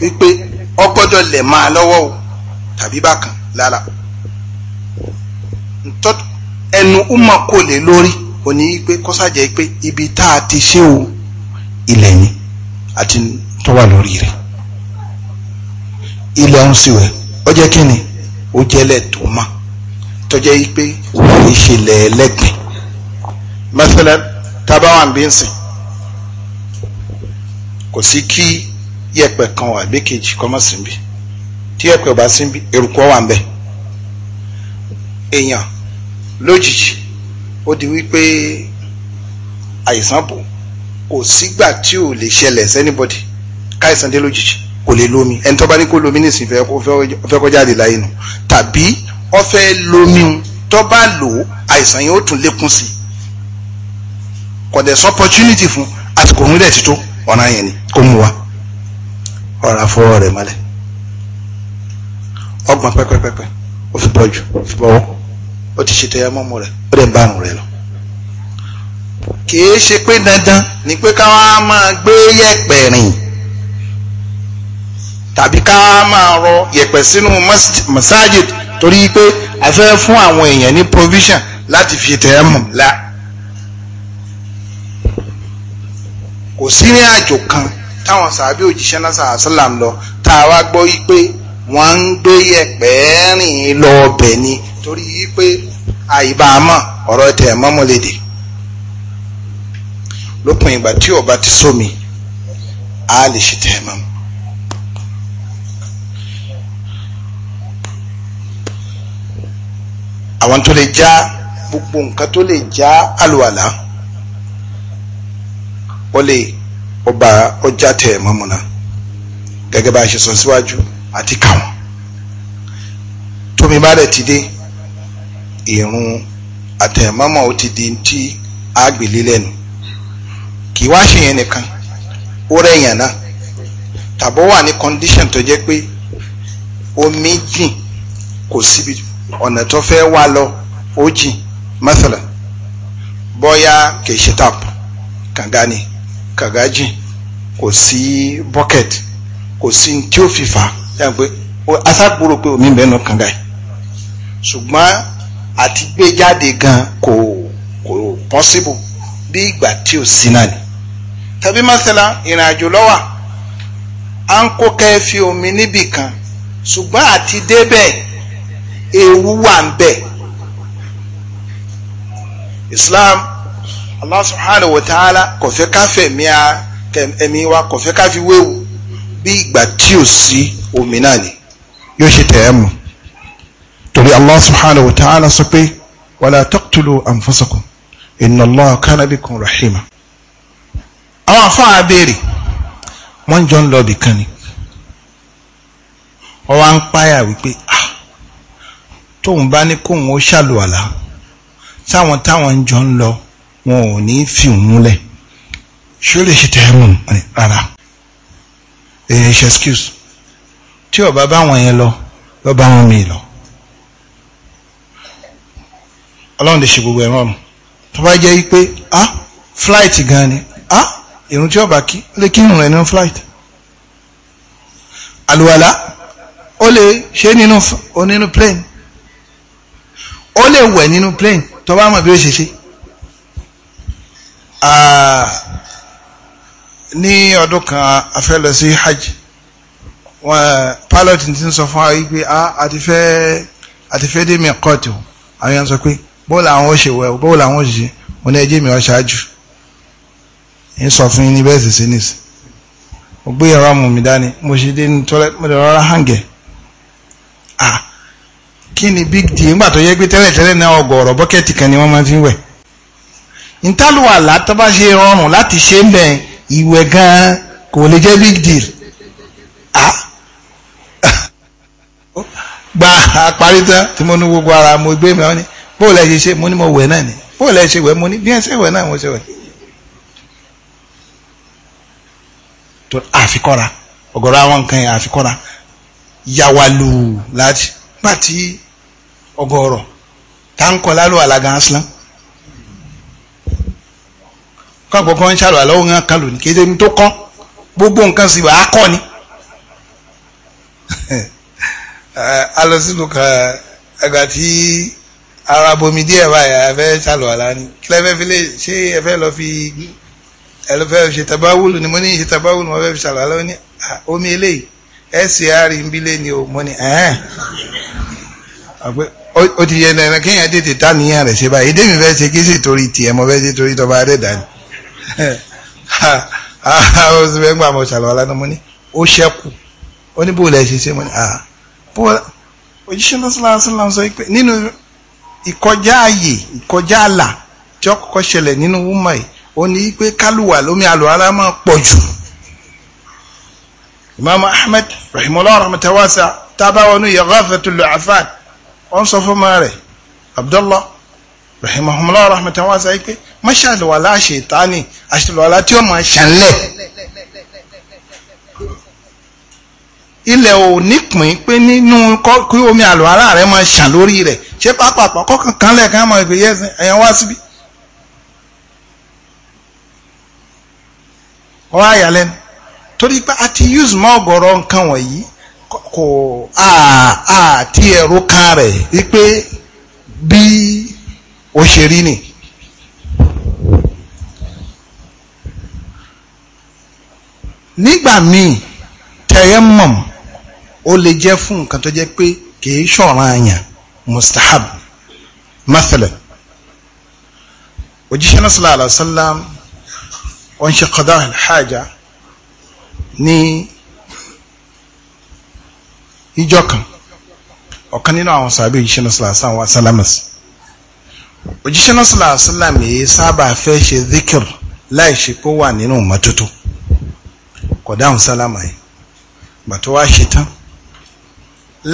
wípé máa o tàbí bákan lára ẹnu ọmọ kò lè lórí òní pé ibi tá a ti ṣe o ilẹ̀ àti tó wà lórí ilẹ̀ tọ́jẹ́ yìí pé wọ́n ṣe lẹ́ẹ̀lẹ́gbẹ̀ẹ́ mẹ́sẹ̀lẹ́ tábàwà ń bí ń sìn kò sí kí yẹ̀pẹ̀ kan wà bí kejì kọ́ mọ́ sí bí tí yẹ̀pẹ̀ bá sí bí eruku wà ń bẹ̀ èèyàn lójijì ó di wípé àìsàn bò kò sígbà tí ò lè ṣẹlẹ̀ sẹ́nibọ́dì káìsàn dé lójijì kò lè lómi ẹni tó bá ní kó lómi nísìnyí fẹ́ kọjá àdìláyé nù tàbí ọfẹ́ lomiun tó lo lò ó àìsàn yẹn ó tún lékún sí kò dẹ̀ sọ opportunity fún àsìkò òun rẹ̀ ti tó ọ̀nà yẹn ni kó mú wa ọ̀rọ̀ àfọwọ́ rẹ̀ mọ́lẹ̀ ọgbọ̀n pẹ́pẹ́pẹ́pẹ́ ó fi bọ́jú ó fi bọ́wọ́ ó ti ṣètò ẹyà mọ́mú rẹ̀ ó dẹ̀ ń bá àrùn rẹ̀ lọ. kìí ṣe pé dandan ni pé káwá máa gbé yẹ̀pẹ̀ rìn tàbí káwá máa rọ yẹ̀pẹ̀ sínú masajid. Mas torí pé a fẹ́ fún àwọn èèyàn ní provision láti fi tẹ̀ ẹ́ mọ̀ la kò sí ní àjò kan táwọn sàábí òjíṣẹ́ náà sàásàlám lọ tá a wá gbọ́ yí pé wọ́n ń gbé yẹ̀pẹ̀ rìn lọ ọbẹ̀ ni torí yí pé àìbámọ̀ ọ̀rọ̀ tẹ̀ mọ́mọ́lédè lópin ìgbà tí ọba ti sómi a lè ṣe tẹ̀ mọ́mọ́. àwọn tó lè já gbogbo nǹkan tó lè já àlùwàlà ó lè ọba ọjà tẹ ẹ mọmọna gẹ́gẹ́ bá a ṣe sọ síwájú àti kàwọn tómi bá rẹ ti dé ìrun àtẹ̀mọ́mọ́ ó ti di ti àgbèlé lẹ́nu kì í wá ṣe yẹn nìkan ó rẹ̀yàn náà tàbó wà ní condition tó jẹ́ pé omi jìn kò síbi ọ̀nà tó fẹ́ wá lọ ó jìn mẹ́sàlẹ̀ bọ́yá kìí ṣe tap kànga ni kò sí bucket kò sí tí ó fi fà yà pé asákòrò pé omi mẹ́nu kànga yìí ṣùgbọ́n àti gbé jáde gan kò kò possible bí ìgbà tí ò sí náà ni tàbí mẹ́sàlá ìrìn àjò lọ́wà à ń kó kẹ́ẹ́ fi omi níbì kan ṣùgbọ́n àti débẹ̀ ewu wà ń bẹ̀ Islam Allah subhanahu wa ta'ala kò fẹ́ ká fẹ̀mí ẹ̀mí wa kò fẹ́ ká fi wéwu bí ìgbà tí ò sí omi náà ni yóò ṣe tẹ̀ ẹ́ mu torí Allah subhanahu wa ta'ala sọ pé wala taqtulu anfusakum inna Allah kana bikum rahima àwọn afáà béèrè wọ́n jọ ń lọ bìkan ni wọ́n wá ń páyà wípé tóun bá ní kóun ó ṣàlùwàlà táwọn táwọn ń jọ ń lọ wọn ò ní fi òun múlẹ̀ ṣó lè ṣe tẹ̀hẹ́mù rárá èyí ṣe excuse tí ó bá bá wọn yẹn lọ lọ bá wọn mi lọ ọlọ́run lè ṣe gbogbo ẹ̀rọ ọ̀run tó bá jẹ́ pé ah flight gan ni ah ìrun tí ó kí lè kí ìrun rẹ̀ nínú flight àlùwàlà ó lè ṣe nínú plane ó lè wẹ̀ nínú plane tó bá mọ̀ bí ó ṣe ṣe ní ọdún kan a lọ sí hajj wọn pilot ti ń sọ fún wa wípé a ti fẹ́ dé mi kọ́ọ̀tù àwọn yẹn sọ pé bóòlù àwọn ó ṣe wẹ̀ bóòlù àwọn ó ṣe ṣe mo ní ẹjẹ́ mi ọ ṣáájú ń sọ fún yín ní bẹ́ẹ̀ sì sí nìsí mo gbé ẹ̀rọ amòmí dání mo ṣe dé ní tọ́lẹ́ mo lè rọra hàǹgẹ̀ẹ́ kí ni big deal nígbà tó yẹ pé tẹ́lẹ̀tẹ́lẹ̀ náà ọgọ̀ọ̀rọ̀ bọ́kẹ́tì kan ni wọ́n máa fi ń wẹ̀ ìtàlùwàlá tó bá ṣe rọrùn láti ṣe ń bẹ̀ ìwẹ̀ gan-an kò lè jẹ́ big deal gba àparí tán tí mo ní gbogbo ara mo gbé mi wọn ni bó lẹ ṣe ṣe mo ní mo wẹ̀ náà ni bó lẹ ṣe wẹ̀ mo ní bí ẹ ṣe wẹ̀ náà mo ṣe wẹ̀ tó àfikọ́ra ọ̀gọ̀rọ̀ àwọn nǹkan yẹn àfikọ́ra yàwálù láti ọgọ́rọ̀ tá ń kọ́ lálọ́ àlàgà aslan kọ́pọ̀ kan ṣàlọ́ àlọ́ òun kan lò ní kéde ní tó kọ́ gbogbo nǹkan sì wà á kọ́ ni a lọ sílùú kan ẹgbà tí ara bomi díẹ̀ báyà ẹ fẹ́ ṣàlọ́ àlá ni kílẹ̀ fẹ́ fi lè ṣé ẹ fẹ́ lọ fi ẹlọfẹ ṣe tabawulu ni mo ní ṣe tabawulu mo fẹ́ fi ṣàlọ́ àlọ́ ní omi eléyìí ẹ sì á rí nbílẹ̀ ni o mo ní ẹ̀ẹ́n ó ti yẹ dandan kéèyàn tètè tá níyàn rẹ̀ ṣe báyìí èdè fẹ́ ṣe kí sì torí tiẹ̀ mo fẹ́ ṣe torí tọba adẹ́dà ni ah, ó sì fẹ́ gbà mọ̀ ṣàlọ́ ọ̀la náà mo ní ó ṣẹ́kù ó ní bóòlù ẹ̀ ṣe ṣe mo ní à ah. bóòlù òjíṣẹ́ lọ́sọ̀lá sọ́lá sọ pé nínú ìkọjá ààyè ìkọjá àlà tí ó kọ́kọ́ ṣẹlẹ̀ nínú wúmọ̀ yìí ó ní pé kálùwà lómi àlùhárá máa pọ̀ jù Imam Ahmed rahimahullah rahmatawasa tábà wọnú yaghafatul ó ń sọ fún ọmọ rẹ̀ Abdullah rahimahumullah rahmatan wa sáyé pé má ṣàlùwàlá ṣètánì àṣàlùwàlá tí ó máa ṣànlẹ̀ ilẹ̀ ò nípìn pé nínú kí omi àlùwàlá rẹ̀ máa ṣàn lórí rẹ̀ ṣé pápápá kọ́kàn kan lẹ́ẹ̀kan máa gbé yẹ́sìn ẹ̀yàn wá síbí. ọ̀rọ̀ àyàlẹ́nu torí pé a ti use mọ́ ọ̀gọ̀rọ̀ nǹkan wọ̀nyí kò àti ẹ̀rọ kan rẹ̀ wípé bí ó ṣe rí ni. nígbà míì tayammum ó lè jẹ́ fún nǹkan tó jẹ́ pé kìí ṣọ̀ràn àyàn mustahab mathalan òjíṣẹ́ náà sallallahu alaihi wasallam ó ṣe qada al-haja ní ìjọ kan ọ̀kan nínú àwọn sàbẹ̀ òjíṣẹ́ náà sọ̀rọ̀ àṣà àwọn asálámàsì òjíṣẹ́ náà sọ̀rọ̀ àṣàlámì yìí sábà fẹ́ ṣe zikir láì ṣe pé ó wà nínú mọ́tótó kò dáhùn sálámà yìí gbà tó wá ṣe tán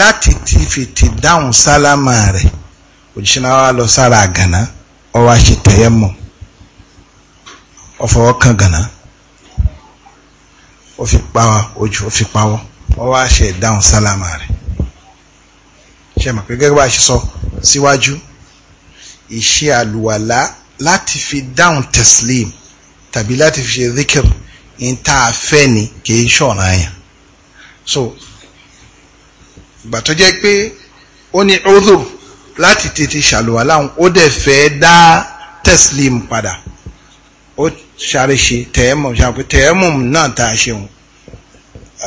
láti ti fìtì dáhùn sálámà rẹ̀ òjíṣẹ́ náà wá lọ sára àgànná ó wá ṣe tẹ̀yẹ́ mọ́ ó fọwọ́ ó fi pa ojú ó fi pawọ́ ọwọ́ àṣẹ ìdáhùn sálámà rẹ̀ ṣe mọ̀ pé gẹ́gẹ́ bá ṣe sọ síwájú ìṣe àlùwàlá láti fi dáhùn tẹ̀sílìm tàbí láti fi ṣe zikir ní tá a fẹ́ ni kìí ṣọ̀nà yẹn so ìgbà tó jẹ́ pé ó ní udhur láti tètè ṣàlùwàlá òun ó dẹ̀ fẹ́ dá tẹ̀sílìm padà ó ṣàrẹ̀ṣe tẹ̀ẹ́mù ṣàpẹ́ tẹ̀ẹ́mù náà tá a ṣe òun.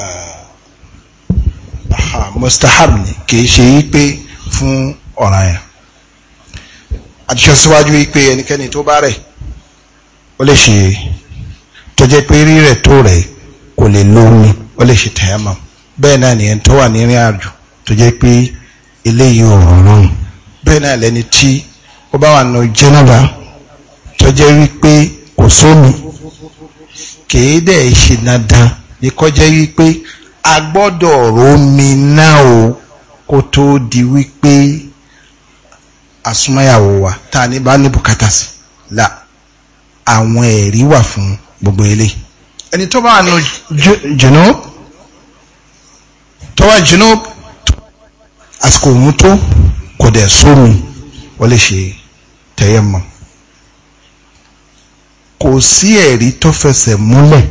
Uh, mustahab ni kìí ṣe wípé fún ọ̀ràn yẹn àtúnṣe síwájú wípé ẹnikẹ́ni tó bá rẹ̀ ó lè ṣe tó jẹ́ pé rírẹ̀ tó rẹ̀ kò lè lómi ó lè ṣe tẹ̀yàmọ̀ bẹ́ẹ̀ náà nìyẹn tó wà ní àjò tó jẹ́ pé eléyìí ò lóhùn bẹ́ẹ̀ náà lẹ́ni tí ó bá wà nù jẹ́nàbà tó jẹ́ wípé kò sómi kìí dẹ̀ ṣe dandan ni kọjá wípé a gbọ́dọ̀ rómi náà o kó tó di wípé àsúnmáyàwó wa tá ní bá ní bùkátà sí la àwọn ẹ̀rí wà fún gbogbo ilé ẹni tó bá nu jùnú tó wá jùnú àsìkò òun tó kò dẹ̀ sómi wọ́n lè ṣe tẹ̀yẹ̀mọ́ kò sí ẹ̀rí tó fẹsẹ̀ múlẹ̀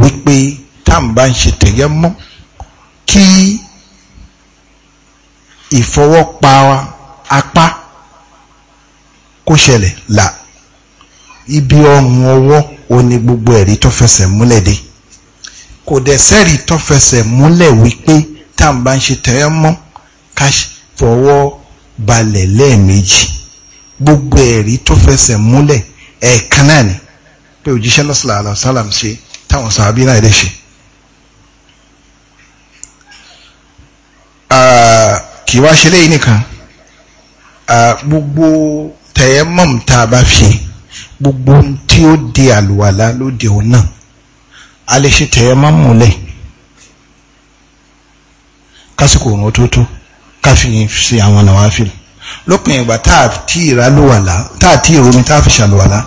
wípé táǹbà ń ṣe tẹ̀yẹ́ mọ́ kí ìfọwọ́pa apá kó ṣẹlẹ̀ là ibi ọrùn ọwọ́ ò ní gbogbo ẹ̀rí tó fẹsẹ̀ múlẹ̀ dé kò dẹ̀ sẹ́rí tó fẹsẹ̀ múlẹ̀ wípé táǹbà ń ṣe tẹ̀yẹ́ mọ́ ká fọwọ́ balẹ̀ lẹ́ẹ̀mejì gbogbo ẹ̀rí tó fẹsẹ̀ múlẹ̀ ẹ̀ẹ̀kan náà ni pé òjíṣẹ́ lọ́sọ̀lá àlọ́ ṣe táwọn sàábí náà lè ṣe kì í wá ṣe léyìn nìkan gbogbo tẹ̀yẹ́mọ̀m tá a bá fi gbogbo tí ó di àlùwàlá lóde òun náà a lè ṣe tẹ̀yẹ́mọ̀mù lẹ̀ kásìkò òun tó tó káfíyìn sí àwọn nàwáfíìlì lópin ìgbà tá a ti ìrálùwàlá tá a ti ìromi tá a fi ṣàlùwàlá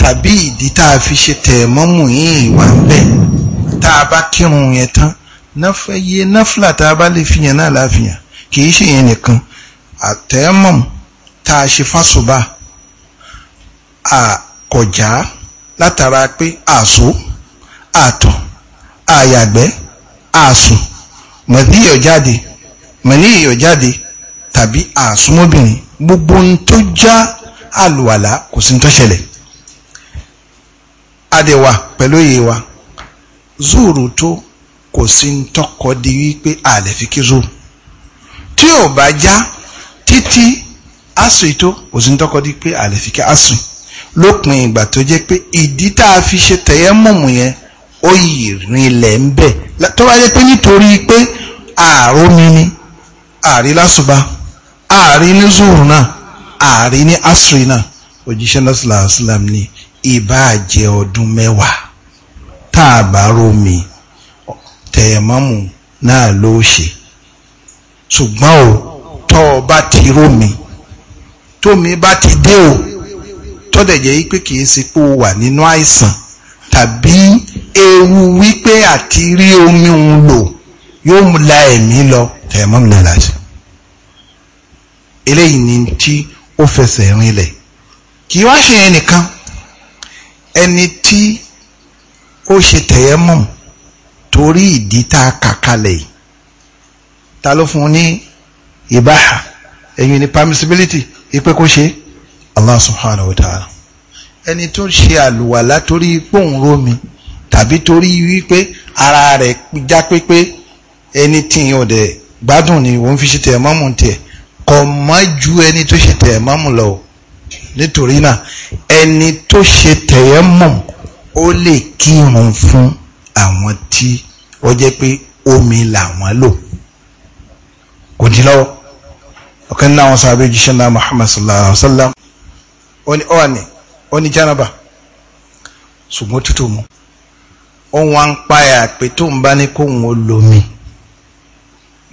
tàbí ìdí tá a fi ṣe tẹ̀yẹ́mọ̀mù yìí wà ń bẹ̀ tá a bá kírun yẹn tán náfẹ̀yẹ náfìlà tá a bá lè fi yàn náà láàfin yàn kìí ṣe yẹn nìkan àtẹ́mọ̀m tá a ṣe fásùbà àkọjá látara pé àṣó àtọ̀ àyàgbẹ́ àsùn mọ̀níyọ̀ jáde mọ̀níyọ̀ jáde tàbí àsùnmọ́bìnrin gbogbo ń tó já àlùwàlá kò sí ń tó adẹ̀wà pẹ̀lú òye wa zóòrò tó kò sí ń tọkọ di wípé àlẹ́ fi kí zóòrò. tí ò bá já títí asùn tó òsì ń tọkọ di pé àlè fi ká asùn lópin ìgbà tó jẹ pé ìdí tá a fi ṣe tẹ̀yẹ́ yẹn ó yì ilẹ̀ ń bẹ̀ tó bá jẹ́ pé nítorí pé ààrò mi ni ààrí lásùbà ààrí ní zuru náà ààrí ní náà ṣùgbọ́n o tọ́ ọ bá ti rómi tómi bá ti dé o tọ́dẹ̀ jẹ́ pé kìí ṣe pé o wà nínú àìsàn tàbí ewu wípé àti rí omi òun lò yóò mú la ẹ̀mí lọ tẹ̀mọ́ mi lára sí eléyìí ni tí ó fẹsẹ̀ rinlẹ̀ kì í wá ṣe ẹnìkan ẹni tí ó ṣe tẹ̀yẹ́mọ̀ torí ìdí tá a kà kalẹ̀ yìí ta ló fún un ní ìbáhà ẹ̀yìn ní permissibility ipe kó ṣe Allah subhanahu wa ta'ala ẹni tó ṣe àlùwàlá torí pòun rómi tàbí torí wípé ara rẹ̀ já pépé ẹni tí yóò dẹ̀ gbádùn ni òun fi ṣe tẹ̀ mọ́mù tiẹ̀ kò mọ́ ju ẹni tó ṣe tẹ̀ mọ́mù lọ nítorí náà ẹni tó ṣe tẹ̀ mọ́mù ó lè kírun fún àwọn tí ó jẹ́ pé omi làwọn lò kò di lọ́wọ́ ọ̀kan náà wọn Muhammad sallallahu alaihi wa sallam ó ní ọ̀wà ní ó ní jánaba ṣùgbọ́n tútù mu ó wá ń páyà pé tó ń bá ní kóhun ó lomi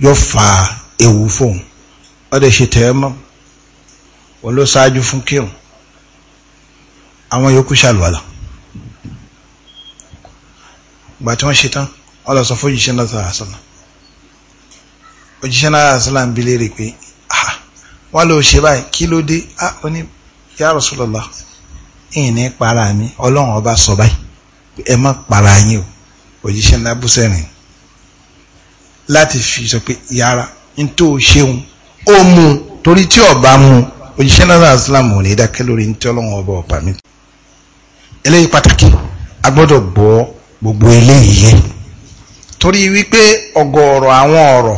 yóò fa ewu fóun ó lè ṣe tẹ̀ ẹ́ mọ́ wọn ló ṣáájú fún kírun àwọn yòókù ṣàlùwàlà gbà tí wọ́n ṣe sallallahu alaihi wa sallam òjíṣẹ́ náà aslam bi léèrè pé ah, wọ́n lọ ṣe báyìí kí ló dé ah, ó ní ya Rasulullah ìyìn ní para mi ọlọ́run ọba sọ báyìí ẹ má para yín o òjíṣẹ́ náà bú sẹ́rìn láti fi sọ pé yàrá n tó ṣeun ó mú un torí tí ọba mú un òjíṣẹ́ náà aslam ò ní dákẹ́ lórí ní tí ọlọ́run ọba ọba mi eléyìí pàtàkì a gbọ́dọ̀ bọ́ gbogbo eléyìí yẹ torí wípé ọ̀gọ̀ọ̀rọ̀ àwọn ọ̀rọ̀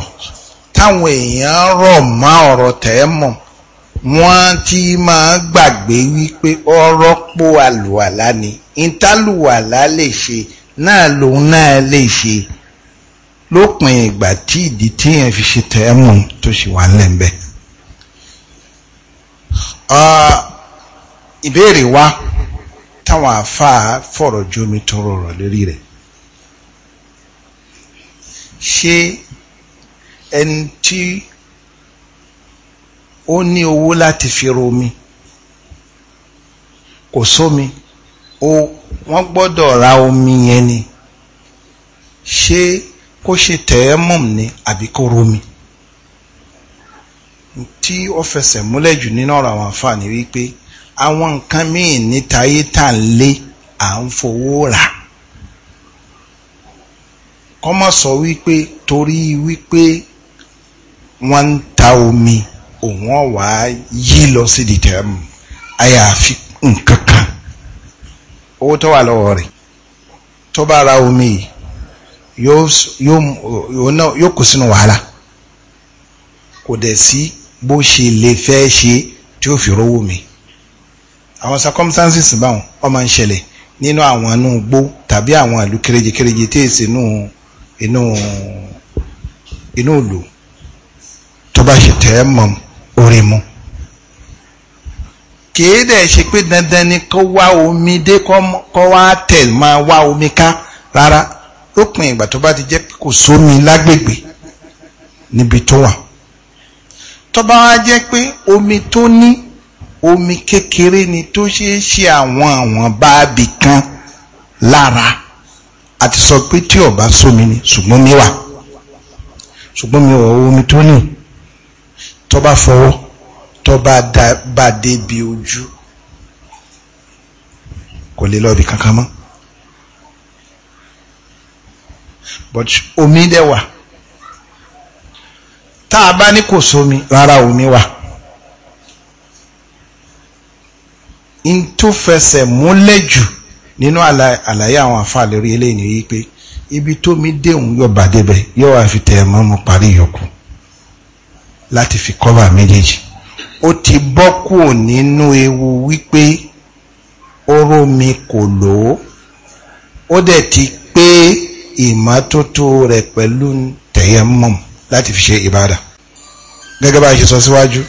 táwọn èèyàn rọ̀ mọ́ ọ̀rọ̀ tẹ́mọ̀ wọ́n ti máa gbàgbé wípé ọ̀rọ̀ pò àlùwàlá ni ìtàlùwàlá lè ṣe náà lòun náà lè ṣe lópin ìgbà tí ìdí téèyàn fi ṣe tẹ́mọ̀ tó ṣe wà lẹ́ńbẹ́. ìbéèrè wa táwọn àáfàá fọ̀rọ̀ jómi tọrọ ọ̀rọ̀ lórí rẹ̀ ṣé ẹni tí ó ní owó láti fi romi kò sómi ó wọ́n gbọ́dọ̀ ra omi yẹn ni ṣé kó ṣe tẹ̀ẹ́mọ̀m ni àbí kó romi tí ó fẹsẹ̀ múlẹ̀ jù nínú ọ̀rọ̀ àwọn àǹfààní wípé àwọn nǹkan míì níta ayé tà ń lé à ń fowó rà kọ́ mọ̀ sọ wípé torí wípé wọ́n ń ta omi òun ọ̀wá yí lọ sí di tẹ̀mù àyàfi nǹkan kan owó tó wà lọ́wọ́ rẹ̀ tó bá ra omi yóò kó sínú wàhálà kò dẹ̀ sí bó ṣe lè fẹ́ ṣe tí ó fi rówó mi àwọn circumstances báwọn ọmọ ń ṣẹlẹ̀ nínú àwọn inú gbó tàbí àwọn ìlú kéréje kéréje tí èsì inú inú ìlú tó bá ṣe tẹ́ mọ̀ orí mu kìí dẹ̀ ṣe pé dandan ni kó wá omi dé kó wá tẹ̀ máa wá omi ká rárá lópin ìgbà tó bá ti jẹ́ pé kò sómi lágbègbè níbi tó wà tó bá wá jẹ́ pé omi tó ní omi kékeré ni tó ṣeé ṣe àwọn àwọn báàbì kan lára àti sọ pé tí ó bá sómi ni ṣùgbọ́n mi wà ṣùgbọ́n mi wà omi tó ní tó bá fọwọ́ tó bá bá débi ojú kò lè lọ bí kankan mọ́ but omi dẹ̀ wà tá a bá ní kò sómi rárá omi wà n tó fẹsẹ̀ múlẹ̀ jù nínú àlàyé àwọn àfa lórí eléyìí ni wípé ibi tómi dé òun yóò bá débẹ̀ yóò wá fi tẹ̀ ẹ̀ mọ́ mo parí yòókù láti fi kọ́bà méjèèjì ó ti bọ́ kúrò nínú ewu wípé oró mi kò lò ó ó dẹ̀ ti pé ìmọ́tótó rẹ̀ pẹ̀lú tẹ̀yẹ́mọ̀m láti fi ṣe ìbádà gẹ́gẹ́ bá a ṣe sọ síwájú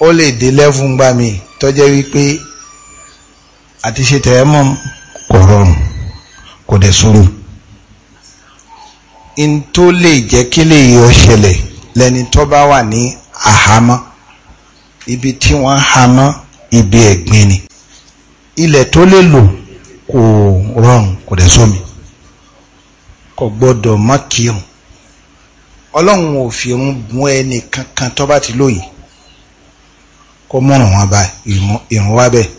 ó lè dé lẹ́fún gbá mi tọ́jẹ́ wípé àti ṣe tẹ̀yẹ́mọ̀m kò rọrùn kò dẹ̀ sórun in tó lè jẹ́ kí lè yọ ṣẹlẹ̀ lẹni tó bá wà ní àhámọ́ ibi tí wọ́n hámọ́ ibi ẹ̀gbin ni ilẹ̀ tó lè lò kò rọrùn kò dẹ̀ sómi kò gbọ́dọ̀ má kírun ọlọ́run ò fi irun bùn ẹni kankan tó bá ti lóye kó mọ̀ràn wọn bá irun wá bẹ́ẹ̀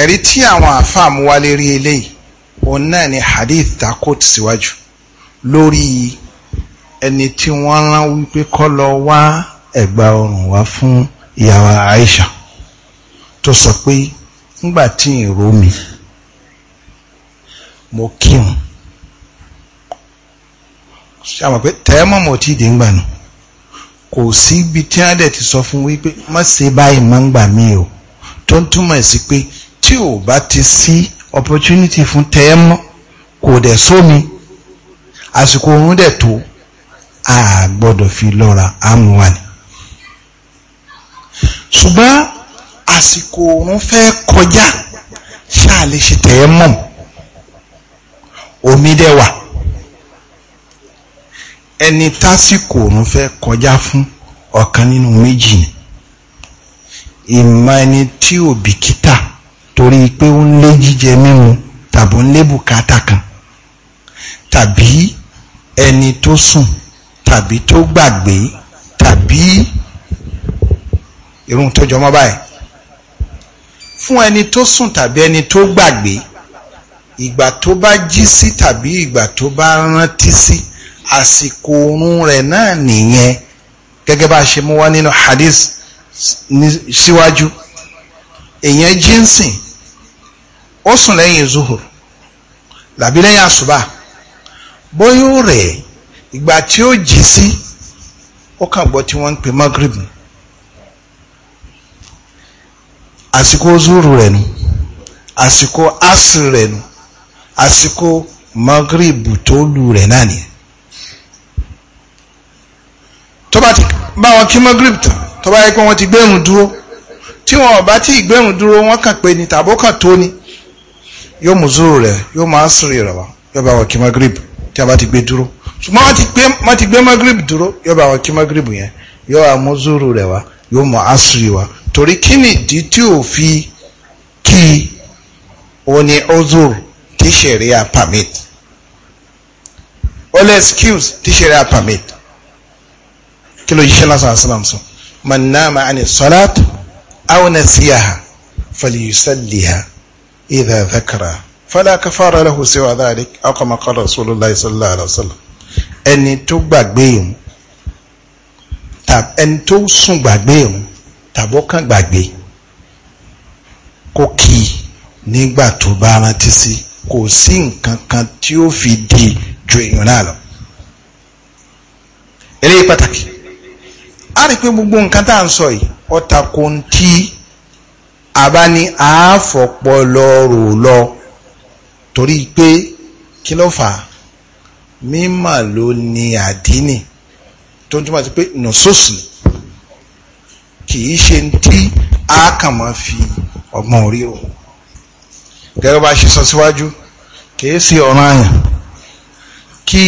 ẹ̀rí tí àwọn àfáà mú wá lérí eléyìí òun náà ni hadith takot síwájú lórí ẹni tí wọ́n rán wípé kọ́ lọ wá ẹ̀gbà ọrùn wá fún ìyàwó Aisha tó sọ pé ńgbà tí ìró mi mo kírun ṣàmọ̀ pé tẹ́ẹ̀mọ̀ mọ̀ tí ìdè ń gbà nù kò sí ibi tí wọ́n dẹ̀ ti sọ fún wípé má ṣe báyìí má ń gbà mí o tó ń túmọ̀ sí pé tí ò bá ti sí opportunity fún tẹ́ẹ̀mọ̀ kò dẹ̀ sómi àsìkò oorun dẹ̀ tó a gbọ́dọ̀ fi lọ́ra àmúwa ni ṣùgbọ́n àsìkò òun fẹ́ kọjá ṣáà lè ṣe tẹ̀ ẹ́ mọ̀ omi dẹ̀ wà ẹni tásìkò òun fẹ́ kọjá fún ọ̀kan nínú méjì ni ìmọ̀ ẹni tí ò bìkítà torí pé ó ń lé jíjẹ mímu tàbí ó ń lé bùkátà kan tàbí ẹni tó sùn tàbí tó gbàgbé tàbí irun tó jọmọ́ báyìí fún ẹni tó sùn tàbí ẹni tó gbàgbé ìgbà tó bá jí sí tàbí ìgbà tó bá rántí sí àsìkò oorun rẹ̀ náà nìyẹn gẹ́gẹ́ bá a ṣe mú wá nínú hadith síwájú èèyàn jí ń sìn ó sùn lẹ́yìn zuhur làbí lẹ́yìn àṣùbà bóyá ó rẹ̀ ìgbà tí ó jí sí ó kàn gbọ́ tí wọ́n ń pè magrib ni àsìkò zuru rẹ̀ nu àsìkò asr rẹ̀ nu àsìkò magrib tó lu rẹ̀ náà nìyẹn tó bá ti bá wọn kí magrib tán tó bá yẹ pé wọ́n ti gbẹ̀rún dúró tí wọn bá ti gbẹ̀rún dúró wọ́n kàn pé ni tàbó kàn tó ni yóò mú zuru rẹ̀ yóò mú asr rẹ̀ wá yóò bá wọn kí magrib tí a bá ti gbé dúró ṣùgbọ́n wọ́n ti gbé magrib dúró yóò bá wọn kí magrib yẹn yóò wá mú zuru rẹ̀ wá yóò mú asiri wá torí kí ni ìdí tí ò fi kí òní ozur tí ṣẹ̀ríà permit all excuse tí ṣẹ̀ríà permit kí ló yíṣẹ́ lásán asalaam sọ man nama ani salat aw nasiyaha falyusalliha idha dhakara fala kafara lahu siwa dhalik aw kama sallallahu alaihi wasallam ẹni tó gbàgbé ìhun ẹni tó sùn gbàgbé ìhun tàbó kàn gbàgbé kó kì í nígbà tó bá rántí sí kò sí nǹkan kan tí ó fi di ju èèyàn náà lọ. eléyìí pàtàkì a rí i pé gbogbo nǹkan tá à ń sọ yìí ọ̀tà kò ń tí abáni àáfọ̀pọ̀ lọ rò lọ torí pé kí ló fà á mímọ̀ ló ní àdínì tó ń túmọ̀ sí pé nùsọ́sì kì í ṣe tí a kàn máa fi ọgbọ́n orí o gẹ́gẹ́ bá ṣe sọ síwájú kì í sí ọ̀ràn àyàn kí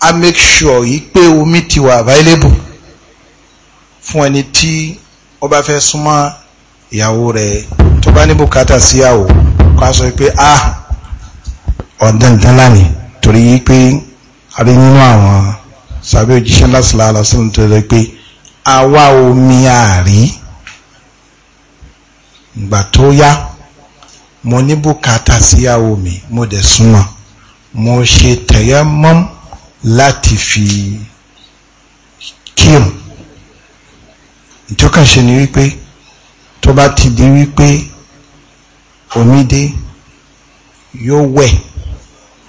a make sure yìí pé omi ti wà available fún ẹni tí ó bá fẹ́ súnmọ́ ìyàwó rẹ̀ tó bá ní bùkátà síyàwó ká sọ pé ah ọ̀dẹ̀ntẹ́ lánìí torí pé adé nínú àwọn sàbẹ̀ òjíṣẹ́ lásìlá alásìlá tó rẹ̀ pé àwa omi àárí ìgbà tó yá mo ní bùkátà síyàwó mi mo dẹ̀ súnmọ́ mo ṣe tẹ̀yẹ́ mọ́ láti fi kírun tí ṣe ni wípé tó bá ti di wípé omi dé yóò wẹ̀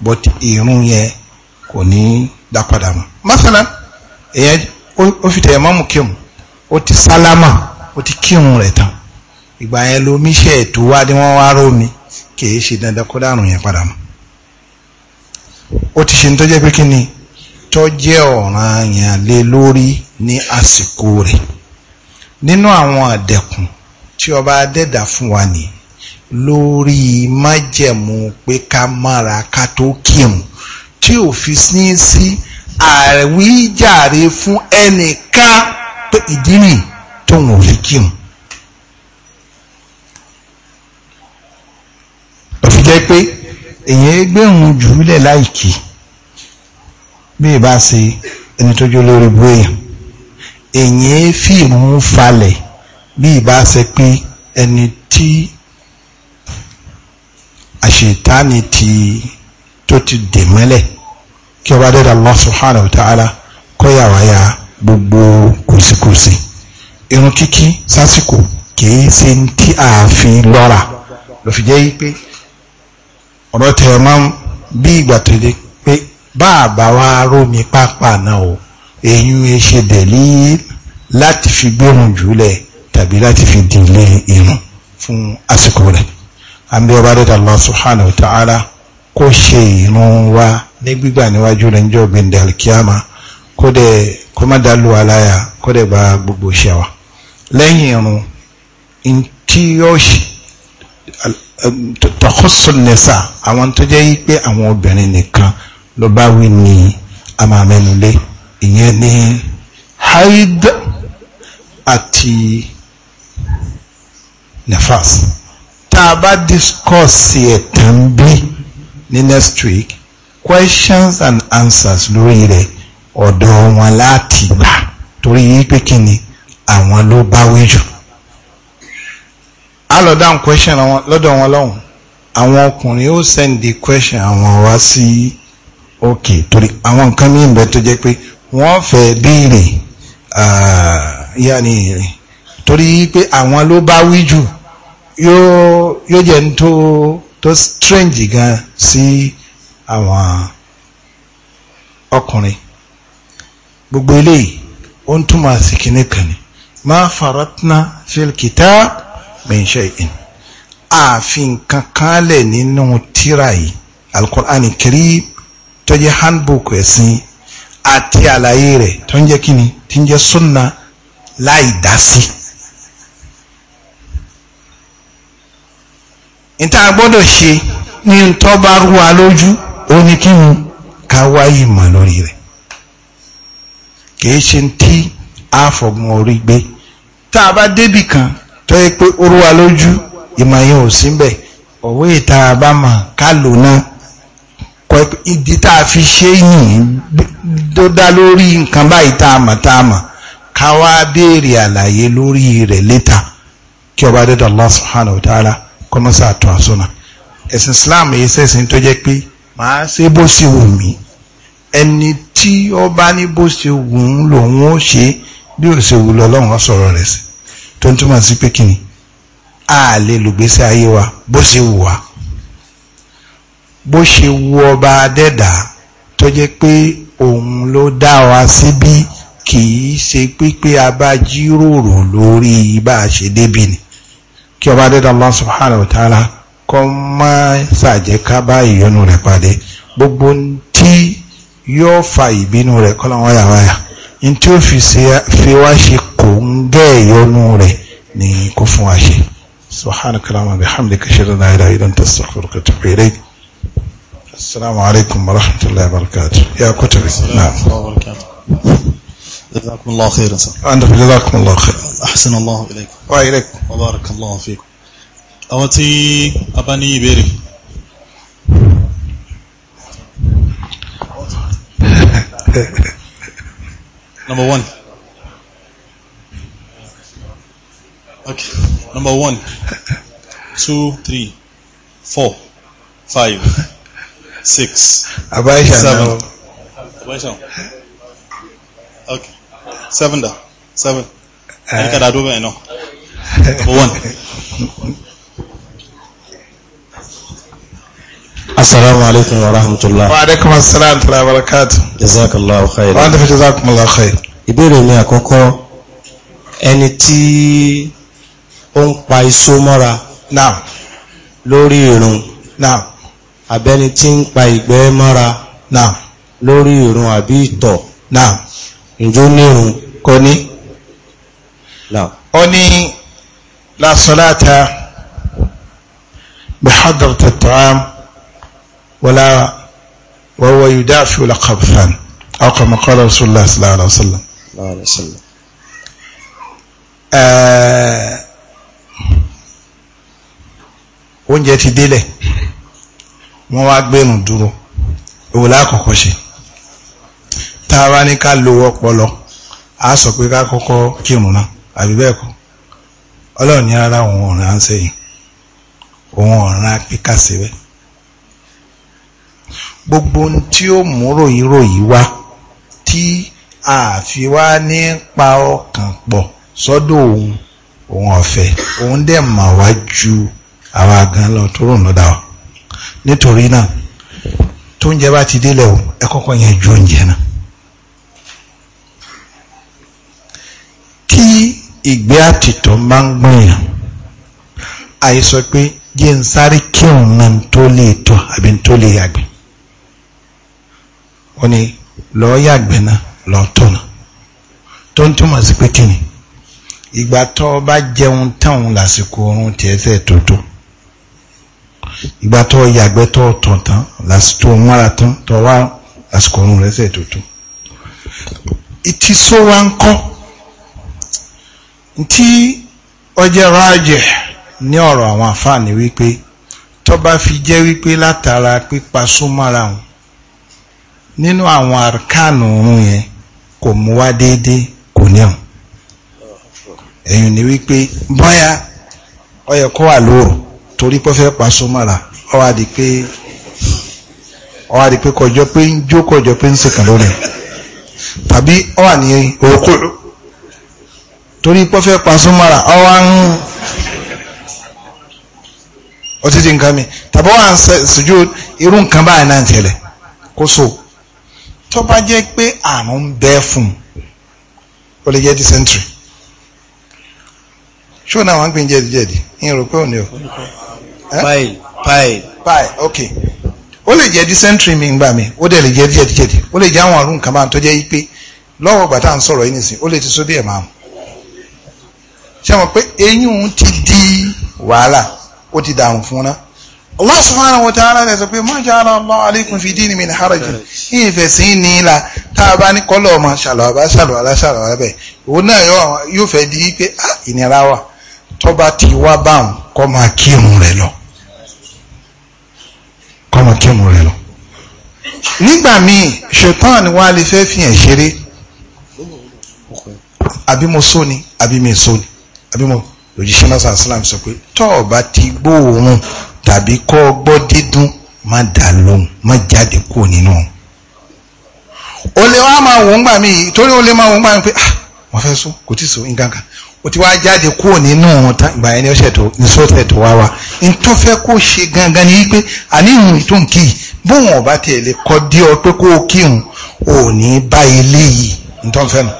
but irun yẹn kò ní dápadà mọ́. masana èyàn ó fi tẹ̀yẹ̀ mọ́mù kírun ó ti sálámà ó ti kírun rẹ̀ tán ìgbà yẹn lomi iṣẹ́ ètò wá ni wọ́n wá rómi kì í ṣe dandan kó dàrún yẹn padà mọ́. ó ti ṣe ní tó pé kí ni tó jẹ́ ọ̀ràn yẹn lé lórí ní àsìkò rẹ̀ nínú àwọn àdẹ̀kùn tí ọba adẹ́dà fún wa nìyí lórí májẹ̀mú pé ká mára ká tó kírun tí ò fi sí sí àwíjàre fún ẹnìkan pé ìdí nì tóun ò fi kírun. òfi jẹ́ pé èyàn gbẹ̀hùn jùlẹ̀ láìkì bí ìbá ṣe ẹni tó lórí bú èèyàn èyàn fi ìrun falẹ̀ bí ìbá ṣe pé ẹni tí àṣetáni ti tó ti dè mẹ́lẹ̀ kí ọba dẹ́dà Allah subhanahu wa ta'ala kọ́yà wáyà gbogbo kòsìkòsì irun kíkí sásìkò kìí ṣe tí ààfin lọ́ra lọ́fi jẹ́ pé ọ̀rọ̀ tẹ̀ máa ń bí ìgbà tó dé pé báàbá wa rómi pápá náà o èyí ń ṣe dẹ̀lí láti fi gbóhùn jùlẹ̀ tàbí láti fi dìlé irun fún àsìkò rẹ̀ àbí ọba dẹ́ta Allah subhanahu wa ta'ala kó ṣe ìrun wa ní gbígbà níwájú rẹ̀ níjọ́ gbẹ̀ndẹ̀ alkiyama kó dẹ̀ kó má dá lu aláya kó dẹ̀ gba gbogbo iṣẹ́ wa lẹ́yìn irun tí yóò ṣe tọkọsùn nẹ́sà àwọn tó jẹ́ pé àwọn obìnrin nìkan ló bá wí ní amàmẹ́nulé ìyẹn ní haid àti nefas tá a bá discuss ẹ̀ tán bí ní next week questions and answers lórí rẹ̀ ọ̀dọ̀ wọn láti gbà torí yìí pé kí ni àwọn ló báwí jù á lọ dáhùn question lọ́dọ̀ wọn lọ́hùn àwọn ọkùnrin ó send the question àwọn wá sí òkè torí àwọn nǹkan ní ìbẹ̀ tó jẹ́ pé wọ́n fẹ́ béèrè ah, yá ni èrè torí pé àwọn ló báwí jù yóò jẹ́ ní tó tó strange gan sí àwọn ọkùnrin gbogbo eléyìí ó ń túmọ̀ sí kíní kan ni ma faratna fil kitab min shay'in ààfin kankan lẹ̀ nínú tíra yìí alukur'ani kiri tó jẹ́ handbook ẹ̀sìn àti àlàyé rẹ̀ tó ń jẹ́ kíni tí ń jẹ́ sunna láì dá sí. níta gbọ́dọ̀ ṣe ní ntọ́ bá rú wa lójú ó ní kí n ká wáyé mọ̀ lórí rẹ̀ kìí ṣe tí a fọ̀gbọ̀n orí gbé tá a bá débì kan tó yẹ pé ó rú wa lójú ìmọ̀ yẹn ò sí ọ̀wé ìta bá mọ̀ ká lò náà kọ ìdí tá a fi ṣe yìí tó dá lórí nǹkan báyìí tá a mọ̀ tá a mọ̀ ká wá béèrè àlàyé lórí rẹ̀ létà kí ọba dẹ́dọ̀ Allah subhanahu wa ta'ala kọ́mọ́sá àtọ̀ àsọ̀nà ẹ̀sìn Islam èyí sẹ́sìn tó jẹ́ pé màá ṣe bó ṣe wù mí ẹni tí ó bá bó ṣe wù ú lòun ó ṣe bí ó ṣe wù lọ́lọ́run ó sọ̀rọ̀ rẹ̀ sí tó sí pé a lè lùgbésí ayé wa bó ṣe wù wá bó ṣe wù ọba adẹ́dà tó jẹ́ pé òun ló dá wa síbí kì í ṣe pípé a bá jíròrò lórí bá a ṣe débi ni kí ọba dẹ́dà Allah subhanahu wa ta'ala kọ́ máa ṣàjẹ́ ká bá ìyọnu rẹ̀ pàdé gbogbo tí yóò fa ìbínú rẹ̀ kọ́ làwọn yàrá yà ní tí ó fi wá ṣe kò ń gẹ́ ìyọnu rẹ̀ ní kó fún wa ṣe subhanaka allahumma bihamdika ashhadu an la ilaha illa anta astaghfiruka wa atubu ilayk assalamu alaikum wa rahmatullahi wa barakatuh ya kutubi naam جزاكم الله خيرا سر جزاكم الله خيرا احسن الله اليكم وعليكم وبارك الله فيكم اوتي اباني بيري نمبر 1 اوكي نمبر 1 2 3 4 5 6 ابايشان ابايشان اوكي seven da seven eh. ẹni kàdà dúró bẹ́ẹ̀ náà number one. assalamu alaikum wa rahmatullah. wa alaikum assalam wa barakatuh. jazakallahu khairan. wa antafi jazakumullahu khairan. ìbéèrè mi àkọ́kọ́ ẹni tí ó ń pa iṣó mọ́ra. naam. lórí irun. naam. abẹ́ni tí ń pa ìgbẹ́ mọ́ra. naam. lórí irun àbí ìtọ̀. naam ǹjọ́ ní irun kọ́ ní. ó ní la salata bihadrat at-ta'am wala wa huwa yudafi'u al-qabthan aw kama qala rasulullah sallallahu alaihi wasallam. oúnjẹ ti délẹ̀ wọ́n wá gbẹ̀rùn dúró òwò lákọ̀ọ́kọ́ ṣe tá a bá ní ká lo ọpọlọ a sọ pé ká kọ́kọ́ kírun náà àbí bẹ́ẹ̀ kọ́ ọlọ́run ní rárá òun ọ̀ràn á ń sẹ́yìn òun ọ̀ràn á pé ká ṣe gbogbo tí ó mú ròyìn wá tí a fi wá ní pa ọkàn pọ̀ sọ́dọ̀ òun òun ọ̀fẹ́ òun dẹ̀ mà wá ju àwa gan lọ tó rò lọ́dà wa nítorí náà tó ń jẹ bá ti délẹ̀ o ẹ kọ́kọ́ yẹn ju oúnjẹ náà. tí ìgbẹ́ àtìtọ̀ máa ń gbìyàn àìsọ pé jẹ́ ń sáré kí òun náà tó lè tọ̀ àbí tó lè yàgbẹ́ wọ́n ní lọ́ọ́ yàgbẹ́ náà lọ́ọ́ tọ̀ náà tó ń túmọ̀ sí pé kí ni ìgbà tó o bá jẹun táwọn lásìkò oorun tiẹ̀ sẹ̀ tó tó ìgbà tó o yàgbẹ́ tó o tọ̀ tán lásìkò oorun mọ́ra tán tó o wá lásìkò oorun rẹ̀ sẹ̀ tó tó ìtìsó wa ń kọ́ tí ọjẹ́ rájẹ̀ ní ọ̀rọ̀ àwọn àfáàní wípé tó bá fi jẹ́ wípé látara pípa súnmọ́ra hùn nínú àwọn àrkánù òun yẹn kò mú wá déédé kò ní hàn ẹ̀yìn ni wípé bóyá ó yẹ kó wà lóòrò torí pé fẹ́ pa súnmọ́ra ó wá di pé ó pé ń jó kọjọ pé ń sèkàn lórí tàbí ó wà ní orúkọ torí pọ́ fẹ́ pa súnmọ́ra ọwọ́ ń ọtí nǹkan mi tàbí wà ń sùjú irú nǹkan báyìí náà tẹ̀lẹ̀ kó so tó bá jẹ́ pé àrùn ń bẹ́ fún un ó lè jẹ́ dysentery ṣó náà wọ́n ń pín jẹ́dìjẹ́dì ìyẹn rò pé òní o. pile pile. pile ok ó lè jẹ́ dysentery mi ngbà mi ó dẹ̀ lè jẹ́ jẹ́dìjẹ́dì ó lè jẹ́ àwọn àrùn nǹkan báyìí tó jẹ́ pé lọ́wọ́ bàtà ń sọ̀rọ̀ yìí nìsín ó lè ti sódíẹ̀ máa mú ṣe mọ̀ pé eyín òun ti di wàhálà ó ti dàrún fún ná Allah subhanahu wa ta'ala rẹ̀ sọ pé ma ja'ala Allahu alaykum fi dini min haraj ìfẹ̀sìn ní ilà tá a bá ní kọ́lọ̀ ọmọ ṣàlọ́ọ̀bá ṣàlọ́ọ̀lá ṣàlọ́ọ̀lá bẹ̀ òun náà yóò fẹ́ di pé ah, ìnira wà tọ́ba ti wá báwọn kọ́ máa kírun rẹ̀ lọ kọ́ máa kírun rẹ̀ lọ. nígbà míì ṣètán wa lè fẹ́ fi hàn ṣeré àbí mo sóni àbí mi sóni abimọ lòjíṣẹ́ náà sàlám sọ pé tọ́ ọ bá ti gbóòórùn tàbí kọ́ ọ gbọ́ dídùn má dà lóhùn má jáde kúrò nínú. o lè wá máa wò ń gbà mí yìí torí o lè máa wò ń gbà mí pé ah wọ́n fẹ́ sún kò tí ì sún nǹkan kan o ti wá jáde kúrò nínú ìgbà ẹni ọ̀sẹ̀ tó ní sọ́tẹ̀ tó wá wa ntọ́ fẹ́ kó ṣe gangan ni wípé àníhùn tó ń kí bóun ọ̀bá tiẹ̀ lè kọ́ dí ọ pé kó o kírun ò ní bá ilé yìí ntọ́ fẹ́ nu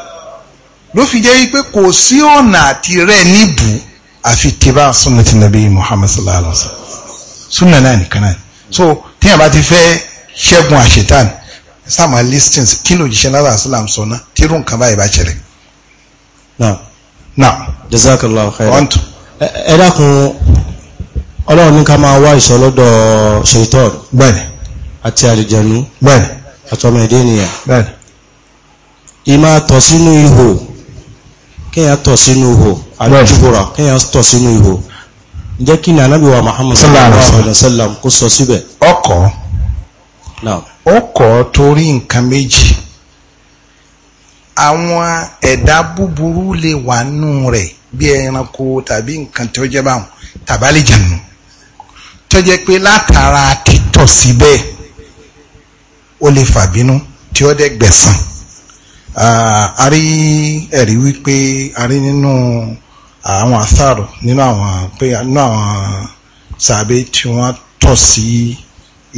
ló fi jẹ́ pé kò sí ọ̀nà àti rẹ̀ níbù àfi tìbá súnà tí nàbí Muhammad sallallahu alaihi wa sallam súnà náà nìkan náà so tíyàn bá ti fẹ́ ṣẹ́gun àṣetán sáàmà listings kí ló jíṣẹ́ lára àṣìlám sọ ná tí irú nǹkan báyìí bá ṣẹlẹ̀. now jazakallah khairan ẹ dákun ọlọ́run ní ká máa wá ìṣọ́ lọ́dọ̀ ṣètọ́n bẹ́ẹ̀ni àti àlìjẹ̀nu bẹ́ẹ̀ni ẹ̀dẹ́ ènìyàn bẹ́ẹ̀ni ìmáa ihò kéèyàn tọ̀ sínú ihò àbí kéèyàn tọ̀ sínú ihò jẹ́ kí ni anábì wa sallallahu alayhi wa sallam kó sọ síbẹ̀. ọkọ̀ ọkọ̀ torí nǹkan méjì àwọn ẹ̀dá búburú lè wà nù rẹ̀ bí ẹranko tàbí nǹkan tó jẹ́ báwọn tó jẹ́ pé látara títọ̀ síbẹ̀ ó lè fàbínú tí ó dẹ̀ Ari rí ẹ̀rí wípé a rí nínú àwọn àtàrò nínú àwọn pé nínú àwọn sàbẹ tí wọ́n tọ̀ sí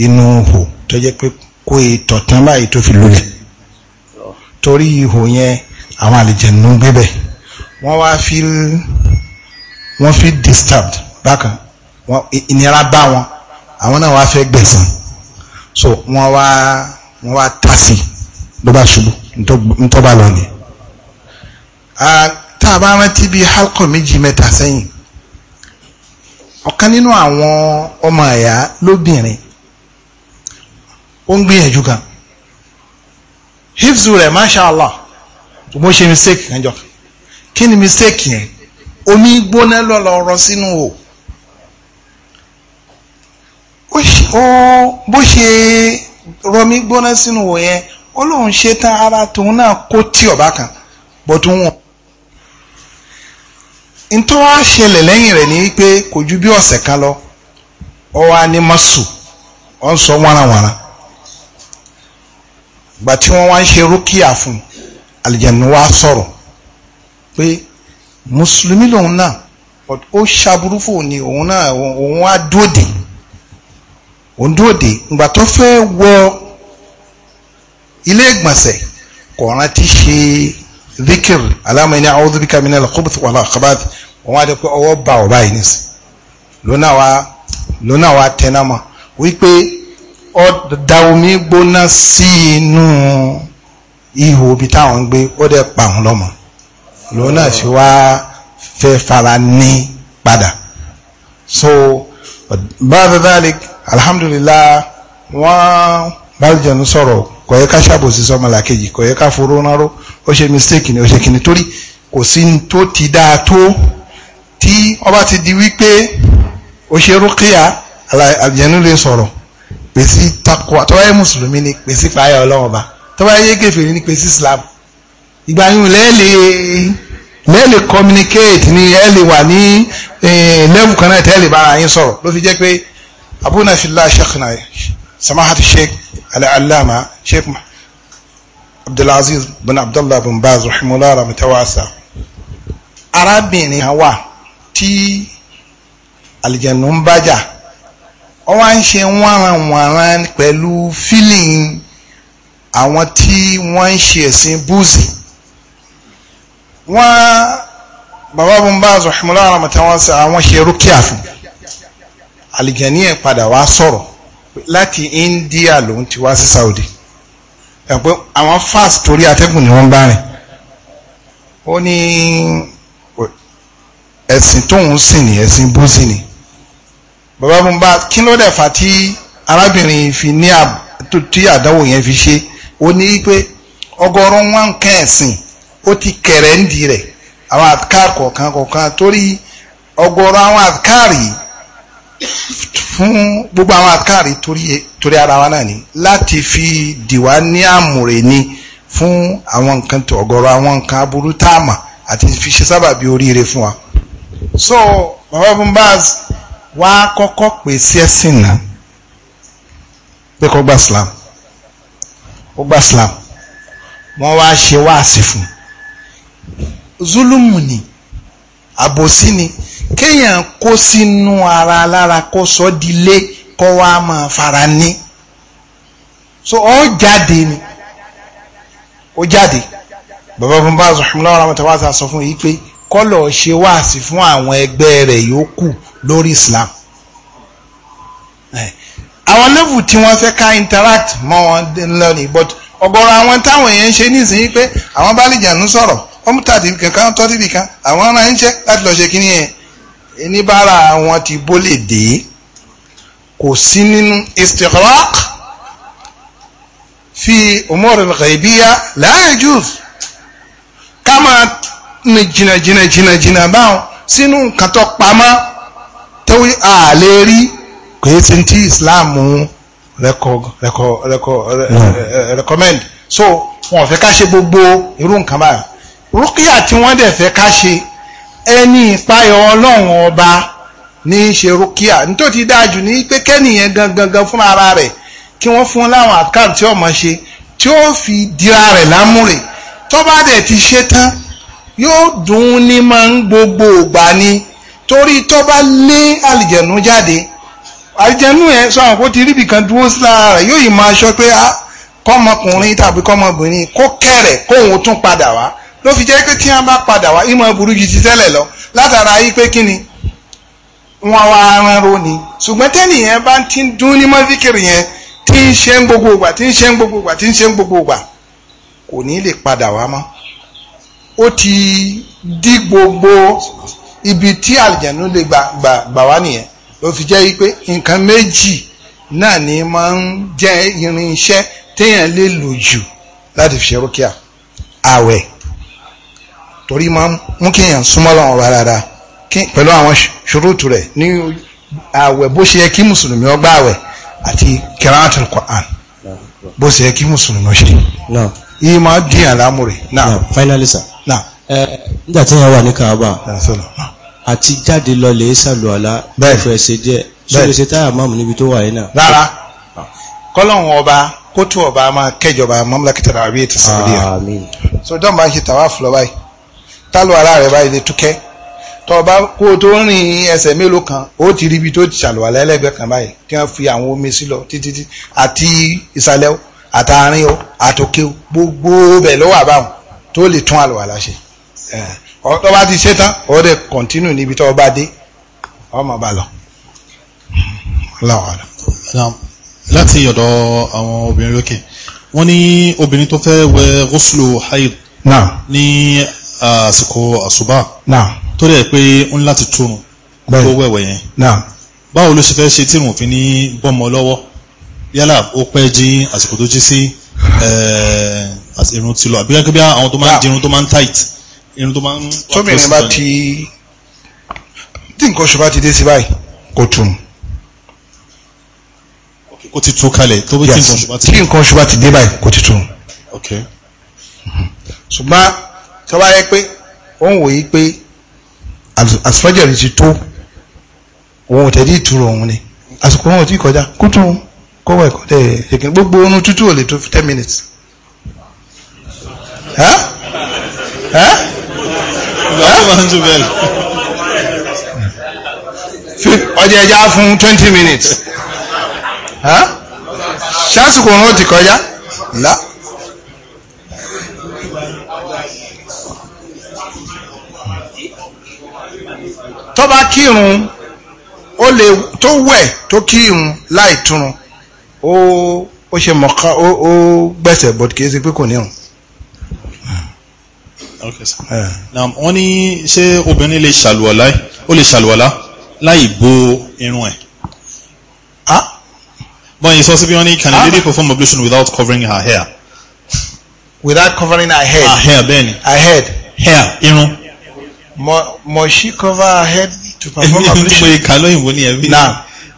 inú ihò tó jẹ́ pé kó e tọ̀tán báyìí tó fi lulẹ̀ torí ihò yẹn àwọn àlejànú gbébẹ̀ wọ́n wá fi wọ́n fi disturbed bákan wọ́n ìnira bá wọn àwọn náà wá fẹ́ gbẹ̀san so wọ́n wá wọ́n wá tàsí ló bá ṣubú ntọ́ba lọ ni. tá a bá rántí bíi halkọ méjì mẹ́ta sẹ́yìn ọ̀kan nínú àwọn ọmọ àyà lóbìnrin ó ń gbìyànjú gan hifzu rẹ̀ masha allah mo ṣe mistake kan jọ kí ni mistake yẹn omi gbóná lọ́lọ́rọ́ sínú o bó ṣe rọmi gbóná sínú o yẹn ó lóun ṣe tán ara tòun náà kó tí kan bọ́ tó ntọ́ wá ṣẹlẹ̀ lẹ́yìn rẹ̀ ni pé kò ju bí ọ̀sẹ̀ kan lọ ọ wá ọ ń sọ wánawàna gbà tí wọ́n wá ń ṣe rúkìá fún àlìjẹ̀nu wá sọ̀rọ̀ pé mùsùlùmí lòun náà ó ṣàbùrú fún ni òun náà òun á dúòdè òun dúòdè ìgbà tó wọ ilé ìgbọ̀nsẹ̀ kò rántí ṣe zikir aláàmì ní a'udhu bika minal khubuthi wal khabath wọn wá dé pé ọwọ́ bá ọba yìí nísì lónà wa lónà wa tẹnamọ́ wípé ọ da omi gbóná sí inú ihò ibi táwọn ń gbé ó dẹ̀ pa òun lọ́mọ lónà fi wá fẹ́ fara ní padà so ba'da dhalik alhamdulillah wọ́n. Wow bájọ̀nù sọ̀rọ̀ kò yẹ ká ṣàbòsí sọmọlàkejì kò yẹ ká foró ráró ó ṣe mistake ni ó ṣe kìnnì torí kò sí tó ti dáa tó tí ó bá ti di wípé ó ṣe rúkìá àjẹnú lè sọ̀rọ̀ pèsè takwa tó bá yẹ mùsùlùmí ni pèsè fàáyà ọlọ́wọ́n ba tó bá yẹ ni pèsè islam ìgbà yìí lẹ́ẹ̀lẹ́ lẹ́ẹ̀lẹ́ communicate ni ẹ lè wà ní eh, lẹ́mù kan náà tẹ́lẹ̀ bára yín sọ̀rọ̀ ló fi jẹ́ pé abúnafilá ṣẹ́kùnà samahati sheikh al-allama sheikh abdulaziz bin abdullah بن باز رحمه الله arábìnrin wa tí تي ń bájà wọ́n wá ń ṣe wọ́nranwọ̀nran pẹ̀lú fílìn àwọn tí wọ́n ń ṣe ẹ̀sìn búùsì wọ́n bàbá bin baz rahimahullah rahmatawasa àwọn ṣe rúkìá fún alìjẹ̀ní padà wá sọ̀rọ̀ láti India lòun ti wá sí Saudi ẹ̀ pé àwọn fast torí atẹ́gùn ni wọ́n bá rìn ó ní ẹ̀sìn tóun sìn ní ẹ̀sìn búzi ni bàbá mi bá kí ló dẹ̀ fà tí arábìnrin fi ní tí àdáwò yẹn fi ṣe ó ní pé ọgọ́rùn-ún wọn kẹ́ ẹ̀sìn ó ti kẹ̀rẹ́ ń di rẹ̀ àwọn àtikáàrì kọ̀ọ̀kan kọ̀ọ̀kan torí ọgọ́rùn-ún àwọn àtikáàrì yìí fún gbogbo àwọn àkàrí torí ara wa náà ni láti fi dìwá ní àmùrè ni fún àwọn nǹkan tó ọ̀gọ̀rọ̀ àwọn nǹkan aburú táàmà àti fi ṣe sábàbí oríire fún wa. so baba bumbaz wá kọ́kọ́ pè sí ẹ̀sìn náà pé kó gba Islam ó gba Islam wọ́n wá ṣe wáàsí fún zulumunin àbòsí ni kéèyàn kó sínú ara lára kó sọ di lé kó wá máa fara ní so ọ jáde ni ó jáde bàbá fún bá ṣùgbọ́n ọ̀rọ̀ mọ̀tàwá sọ fún yìí pé kọ́lọ̀ ṣe wáàsí fún àwọn ẹgbẹ́ rẹ̀ yòókù lórí Islam eh, àwọn level tí wọ́n fẹ́ ká interact mọ́ wọn lónìí but ọ̀gọ̀rọ̀ àwọn táwọn èèyàn ń ṣe nísìnyí pé àwọn bá lè jànú sọ̀rọ̀ wọ́n mú tàdí kankan tọ́ débi kan àwọn ará ń jẹ́ láti lọ ṣe kínní yẹn oníbàárà wọn ti bó lè dé kò sí nínú istighraq fi umur al-ghaybiyya la yajuz ká máa ní jìnnà jìnnà jìnnà jìnnà báwọn sínú nǹkan tó pamọ́ tó àlè rí kò yẹ ti ti Islam hmm. recommend so wọn ò fẹ́ ká ṣe gbogbo irú nǹkan báyìí rúkìá tí wọ́n dẹ̀ fẹ́ ká ṣe ẹni ìpayọ̀ ọlọ́run ọba ní í ṣe rúkìá nítorí ti dáa jù ní pé kẹ́nìyẹn gangan fún ara rẹ̀ kí wọ́n fún láwọn àkáǹtì tí ọmọ ṣe tí ó fi dira rẹ̀ lámúre tó bá dẹ̀ ti ṣe tán yóò dùn ún ní máa ń gbogbo ògbà ni torí tó bá lé àlìjẹ̀nú jáde àlìjẹ̀nú yẹn sọ àwọn kó ti ríbi kan dúró sí lára rẹ̀ yóò yìí máa sọ pé ah, kọ́mọkùnrin tàbí kọ́mọbìnrin kó kẹ̀rẹ̀ kóun tún padà wá ló fi jẹ́ pé tí wọ́n bá padà wá ìmọ̀ burú ju ti tẹ́lẹ̀ lọ látara yí pé kí ni wọ́n wá aran ro ni ṣùgbọ́n tẹ́nìyẹn bá ti ń dún ní mọ́síkìrì yẹn tí ń ṣe ń gbogbo ìgbà tí ń ṣe ń gbogbo ìgbà tí ń ṣe ń gbogbo ìgbà kò ní lè padà wá mọ́ ó ti dí gbogbo ibi tí àlìjẹ̀nú lè gbà gbà gbà wá nìyẹn ló fi jẹ́ pé nǹkan méjì náà ni máa ń jẹ́ irinṣẹ́ téèyàn lè lò jù láti fi ṣe rókíà àwẹ̀ torí máa mú kí èèyàn súnmọ́ lọ́wọ́ bá dáadáa pẹ̀lú àwọn ṣòrótù rẹ̀ ní ààwẹ̀ bó ṣe yẹ kí mùsùlùmí ó gba ààwẹ̀ àti kẹrántìl Qur'an bó ṣe yẹ kí mùsùlùmí ó ṣe. iye máa dìyàn lámúre. finally sir. nígbà tí yẹn wà ní kaaba àti jáde lọ lè ṣàlùwàlá ìfẹ́ ṣe díẹ̀ ṣe lè ṣe táyà máàmù níbi tó wà yìí náà. rárá kọ́lọ́hún ọba kótó ọba máa kẹjọba mamlakita arabiya ti Saudiya so dọ́nba ń ṣe tàwa fúlọ́ báyìí tálù ara rẹ̀ báyìí lè túkẹ́ tó bá kó tó rìn ẹsẹ̀ mélòó kan ó ti ríbi tó ti ṣàlùwàlá ẹlẹ́gbẹ̀ẹ́ kan báyìí tí wọ́n fi àwọn omi sí lọ títí àti ìsàlẹ̀ o àtàárín o àtòkè o gbogbo bẹ̀ lọ́wọ́ àbáwọn tó lè tún àlùwàlá ṣe tó bá ti ṣe tán ó dẹ̀ kọ̀ntínù níbi tó bá dé ọmọ bá lọ. láti ọ̀dọ̀ àwọn obìnrin lókè wọ́n ní obìnrin tó fẹ́ wẹ̀ gúsùlù haid ní àsìkò àṣùbà tó rẹ̀ pé ó ń láti túrun tó wẹ̀wẹ̀ yẹn báwo ló ṣe fẹ́ ṣe tírun òfin ní bọ́mọ lọ́wọ́ yálà ó pẹ́ jí àsìkò tó jí sí eh, irun ti lọ àbí gẹ́gẹ́ bí àwọn tó máa ń di tó máa ń tight irun tó máa ń. tómìnrin bá ti tí nǹkan oṣù bá ti dé sí báyìí kò tún. ó ti tú kalẹ̀ tó bí tí nǹkan oṣù ti dé báyìí kò ti tún. ṣùgbọ́n tó bá yẹ pé ó ń wòye pé àsùnfẹ́jẹ̀rì ti tó òun ò tẹ̀lé ìtura òun ni àsìkò òun ò tí kọjá kó tún kó wà ẹ̀kọ́ tẹ̀ ṣèkìn gbogbo oorun tútù ò lè tó ten minutes. ọjà ẹja fún twenty minutes. ṣásìkò òun ò tí kọjá. tó bá kírun ó lè tó wẹ̀ tó kírun láì túnrun ó ó ṣe mọ̀ká ó ó gbẹ̀sẹ̀ but kìí ṣe pé kò ní rùn. wọ́n ní ṣé obìnrin lè ṣàlùwàlá ó lè ṣàlùwàlá láì bo irun ẹ̀. but it's also bí wọ́n ní can a lady perform ablution without covering her hair. without covering her head. her hair bẹ́ẹ̀ ni. her head. hair irun must she cover her head to perform ablution. èmi ní pé kà lóyìnbó ni ẹ̀mí. na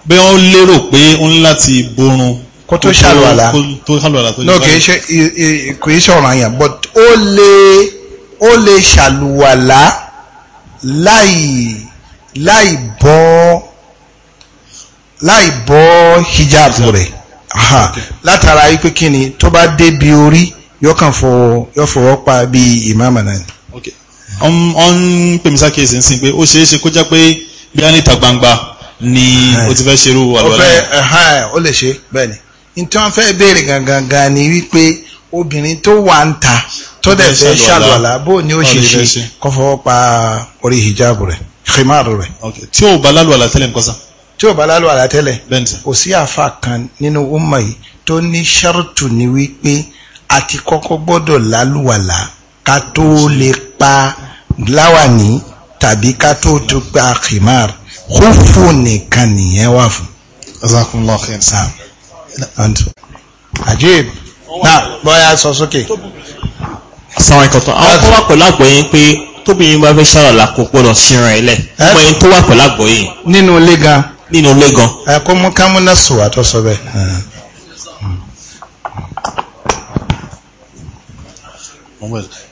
bẹ́ẹ̀ wọ́n lérò pé ń láti borun. kó tó ṣàlùwàlà tó ṣàlùwàlà tó ṣàlùwàlà. no kì í ṣe kì í ṣe ọ̀ràn but ó lè ó lè ṣàlùwàlà láì láì bọ́ láì bọ́ hijab rẹ̀ látara wípé kí ni tó bá dé bi orí yóò kàn fọwọ́ yóò fọwọ́ pa bí ìmáàmù náà. okay ọ ń pè mí sákèsì sí pé ó ṣeé ṣe kó jẹ́ pé bí a ní ìta gbangba ni o ti fẹ́ ṣerú àlùwàlá. ó lè ṣe bẹ́ẹ̀ ni nítorí wọn fẹ́ béèrè gangan ni wípé obìnrin tó wà ń ta tó dẹ̀ fẹ́ ṣàlùwàlá bó ni ó ṣe ṣe kó fọwọ́ pa orí hijab rẹ̀ khimar rẹ̀. tí o bá lálùwàlá tẹ́lẹ̀ nǹkan sàn. tí o bá lálùwàlá tẹ́lẹ̀ kò sí àfa kan nínú umma yìí tó ní ṣàrùtù ni wípé àti kọ́kọ́ gbọ́dọ̀ lálùwàlá ká tó lè pa láwàní tàbí ká tó tó gba khimar khufu nìkan nìyẹn wà fún. jazakumullahu khair. ajib náà bọ́yá sọ sókè. àsàwọn ìkọ̀tọ̀ àwọn tó wà pẹ̀lú àgbọ̀yìn pé tóbìnrin bá fẹ́ ṣàrọ̀lá kò gbọ́dọ̀ ṣìrìn ẹ̀lẹ̀ eh? ọmọ yẹn tó wà pẹ̀lú àgbọ̀yìn. nínú ilé gan. nínú ilé gan. ẹ kó mú kámúnà sùn àtọ́sọ bẹ́ẹ̀.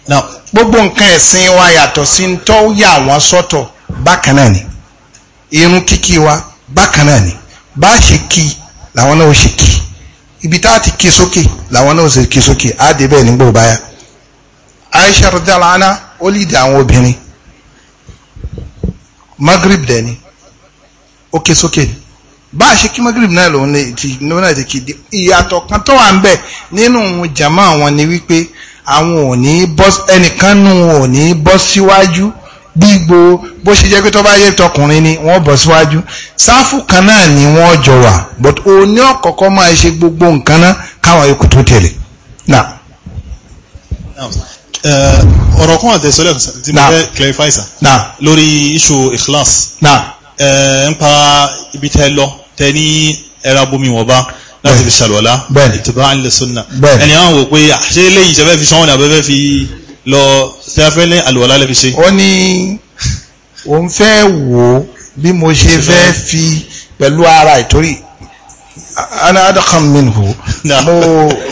now gbogbo nǹkan ẹ̀sìn wa yàtọ̀ sí ń yà wọ́n sọ́tọ̀ bákan náà ni irun kíkí wa bákan náà ni bá ṣe kí làwọn náà ó ṣe kí ibi tá a ti kí sókè làwọn náà ó ṣe kí sókè á dé bẹ́ẹ̀ nígbà òbáyà Aisha radiyallahu anha ó lìdí àwọn obìnrin Maghrib dẹ̀ ni ó ké sókè ni bá a ṣe kí magrib náà lòun ti lóun náà ti kéde ìyàtọ̀ kan tó wà ń bẹ̀ nínú jama wọn ni wípé àwọn ò ní bọ́ ẹnìkan nù ò ní bọ́ síwájú gbígbo bó ṣe jẹ́ pé tó bá yẹ tọkùnrin ni wọ́n bọ́ síwájú sáfù kan náà ni wọ́n jọ wà but òní ọ̀kọ̀ọ̀kan máa ṣe gbogbo nǹkan náà káwọn ikú tó tẹ̀lé. Eh, ọ̀rọ̀ kan àti tí mo fẹ́ clarify sir lórí issue ikhlas eh, ń pa ibi tẹ lọ tẹ ní ẹ̀rọ abomi wọ̀n bá láti fi ṣàlùwàlá ìtìbá ń lè súnà ẹni àwọn wò pé ah, ṣé léyìí ṣẹfẹ́ fi ṣánwọ́n ní abẹ́fẹ́ fi lọ tẹ́fẹ́ ní àlùwàlá lẹ́fi ṣe. ó ní òun fẹ́ wò ó bí mo ṣe fẹ́ fi pẹ̀lú ara ìtorí ana adakan minhu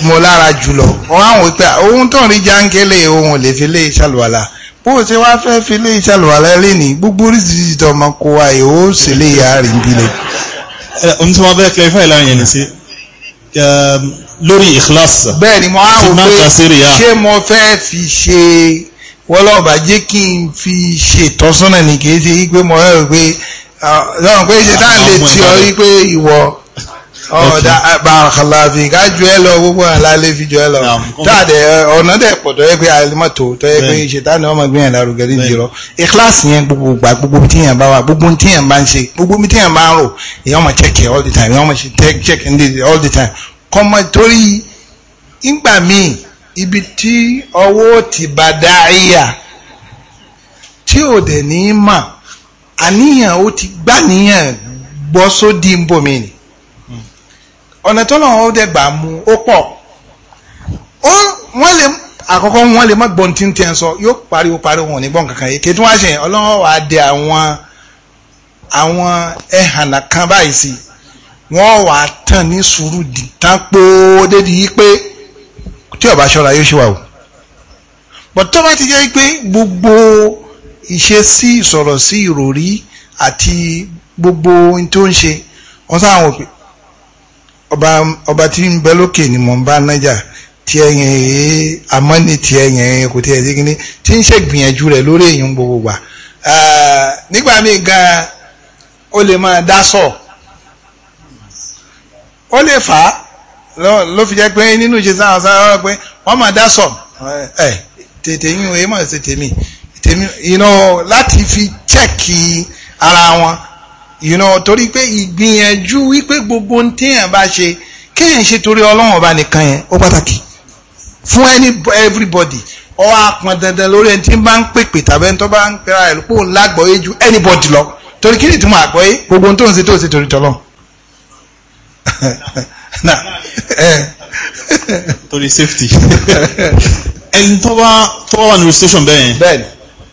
mo lára jùlọ wọn àwọn pé ohun tó ń rí jáńkélé ohun lè fi lé ṣàlùwàlá bó ṣe wá fẹ́ fi lé ìṣàlùwàlẹ́ lẹ́ni gbogbo oríṣiríṣi tọmọ kó wa yìí ó sì lè yà rìn bílẹ̀. ohun tí wọ́n bẹ́ẹ̀ clarify láàrin yẹn ni Um, lórí ìkíláàsì. bẹ́ẹ̀ ni mo á wò pé ṣé mo fẹ́ fi ṣe wọ́lọ́ọ̀bà jẹ́ kí n fi ṣètọ́sọ́nà ní kì í ṣe wípé mo rẹ̀ wípé ah, pé ṣe táà lè tí ọ wípé ìwọ ọ̀dà oh, uh, bàràkàlàfin ká ju ẹ lọ gbogbo àlàlẹ́ fi ju ẹ lọ táàdẹ̀ uh, ọ̀nà dẹ̀ pọ̀ tọ́ yẹ pé alimọ́tò tọ́ yẹ pé ṣètàní ọmọ gbìyànjú arúgbó ní ìdìrọ̀ ìkíláàsì yẹn gbogbo gbà gbogbo tíyàn bubu wà gbogbo tíyàn bá ń ṣe gbogbo tíyàn bá ń rò èyàn ọmọ check ye all the time èyàn ọmọ check it all the time kọ́mọ torí ìgbà míì ibi tí ọwọ́ ti bá dá ẹ̀yà tí ò dẹ̀ ní í mà àníyàn ó ti gbà níyàn gbọ́ sódì ń bòmí ni ọ̀nà tó lọ́wọ́ ó dẹ̀ gbà mú ó pọ̀ ó wọ́n lè àkọ́kọ́ wọ́n lè má gbọ́n tí ń tẹ́ ń sọ yóò pariwo pariwo wọn ò ní gbọ́n kankan yìí kí tí wọ́n á ṣe yẹn ọlọ́wọ́ wàá dẹ àwọn àwọn ẹ̀hànà kan báyìí sí wọ́n wàá tàn ní sùúrù dìtàn póó débi yìí pé tí ó bá yóò ṣe wà o but tó bá ti jẹ́ pé gbogbo ìṣesí ìsọ̀rọ̀ sí ìròrí àti gbogbo ohun tó ń ṣe wọ́n sáà wọ̀ pé ọba ọba tí ń bẹ lókè ni mò ń bá nájà tí ẹyìn èyí àmọ́ ní tí ẹyìn èyí kò tí ẹ sí kíní tí ń ṣe gbìyànjú rẹ̀ lórí èyí ń gbogbo gbà nígbà míì gan ó lè máa dá sọ ó lè fà á ló fi jẹ́ pé nínú ìṣe sáwọn sáwọn pé wọ́n máa dá sọ ẹ tètè yín o èyí mọ̀ sí tèmi tèmi láti fi chẹ́ẹ̀kì ara wọn you know torí pé ìgbìyànjú wípé gbogbo ń téèyàn bá ṣe kéèyàn ṣe torí ọlọ́run ọba nìkan yẹn ó pàtàkì fún any everybody ó wá pọn dandan lórí ẹni tí bá ń pèpè tàbí ẹni tó bá ń pera ẹ̀ lópò lágbọ̀ọ́yé ju anybody lọ torí kí ni ìtumọ̀ àgbọ̀ọ́yé gbogbo ohun tó ń ṣe tó ṣe torí tọ́lọ́ eh. torí safety ẹni tó bá tó bá wà ní station bẹ́ẹ̀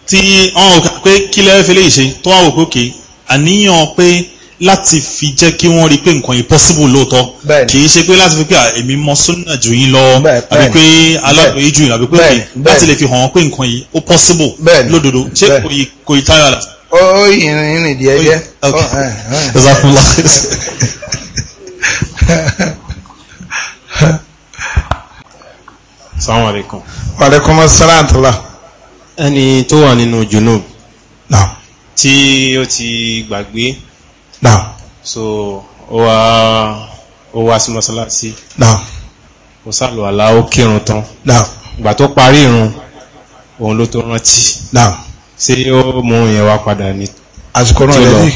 tí wọ́n pé kílẹ̀ fẹ́lẹ́ ìṣe tó wà wò pé àníyàn pé láti fi jẹ́ kí wọ́n rí pé nǹkan impossible lóòótọ́ kì í ṣe pé láti fi pé èmi mọ súnà jù yín lọ àbí pé alábòye jù yín àbí pé láti lè fi hàn pé nǹkan yìí ó possible lódodo ṣé kò yí táyà là. ó yìn rìn díẹ̀ díẹ̀. salaamaleykum. waaleykum salaam tula. ẹni tó wà nínú junub. naam tí ó ti gbàgbé náà so ó wá ó wá sí mọ́sálásí náà ó sàlù àlá ó kírun tán náà ìgbà tó parí irun òun ló tó rántí náà ṣé ó mú yẹn wá padà ní. àsìkò náà lẹ́yìn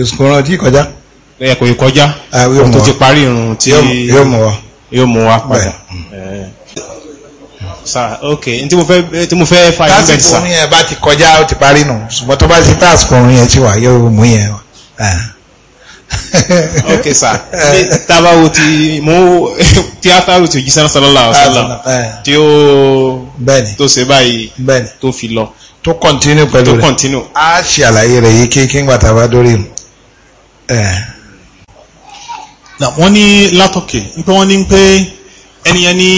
ìsìnkú náà tí kọjá. ẹ̀kọ́ ìkọjá ah, tó ti parí irun tí yóò mú wa padà sà ok tí mo fẹ́ tí mo fẹ́ fa yín bẹ́ẹ̀ sà. tásìkò orin yẹn bá ti kọjá ó ti parí nù ṣùgbọ́n tó bá ti tásìkò orin yẹn ti wà yóò mú yẹn wá. Ah. ok sà eh. tábà wo ti mo tíátà rò tí òjísé náà sọlọ́lá ọ̀sọ́lá ah, tí ó eh. tó ṣe báyìí tó fi lọ. tó kọ̀ntínú pẹ̀lú rẹ̀ á ṣe àlàyé rẹ̀ yìí kí n gbàtà bá dórí mu eh. wọ́n ní látọ̀kẹ̀ nípa wọ́n ní pé ẹniyẹn ní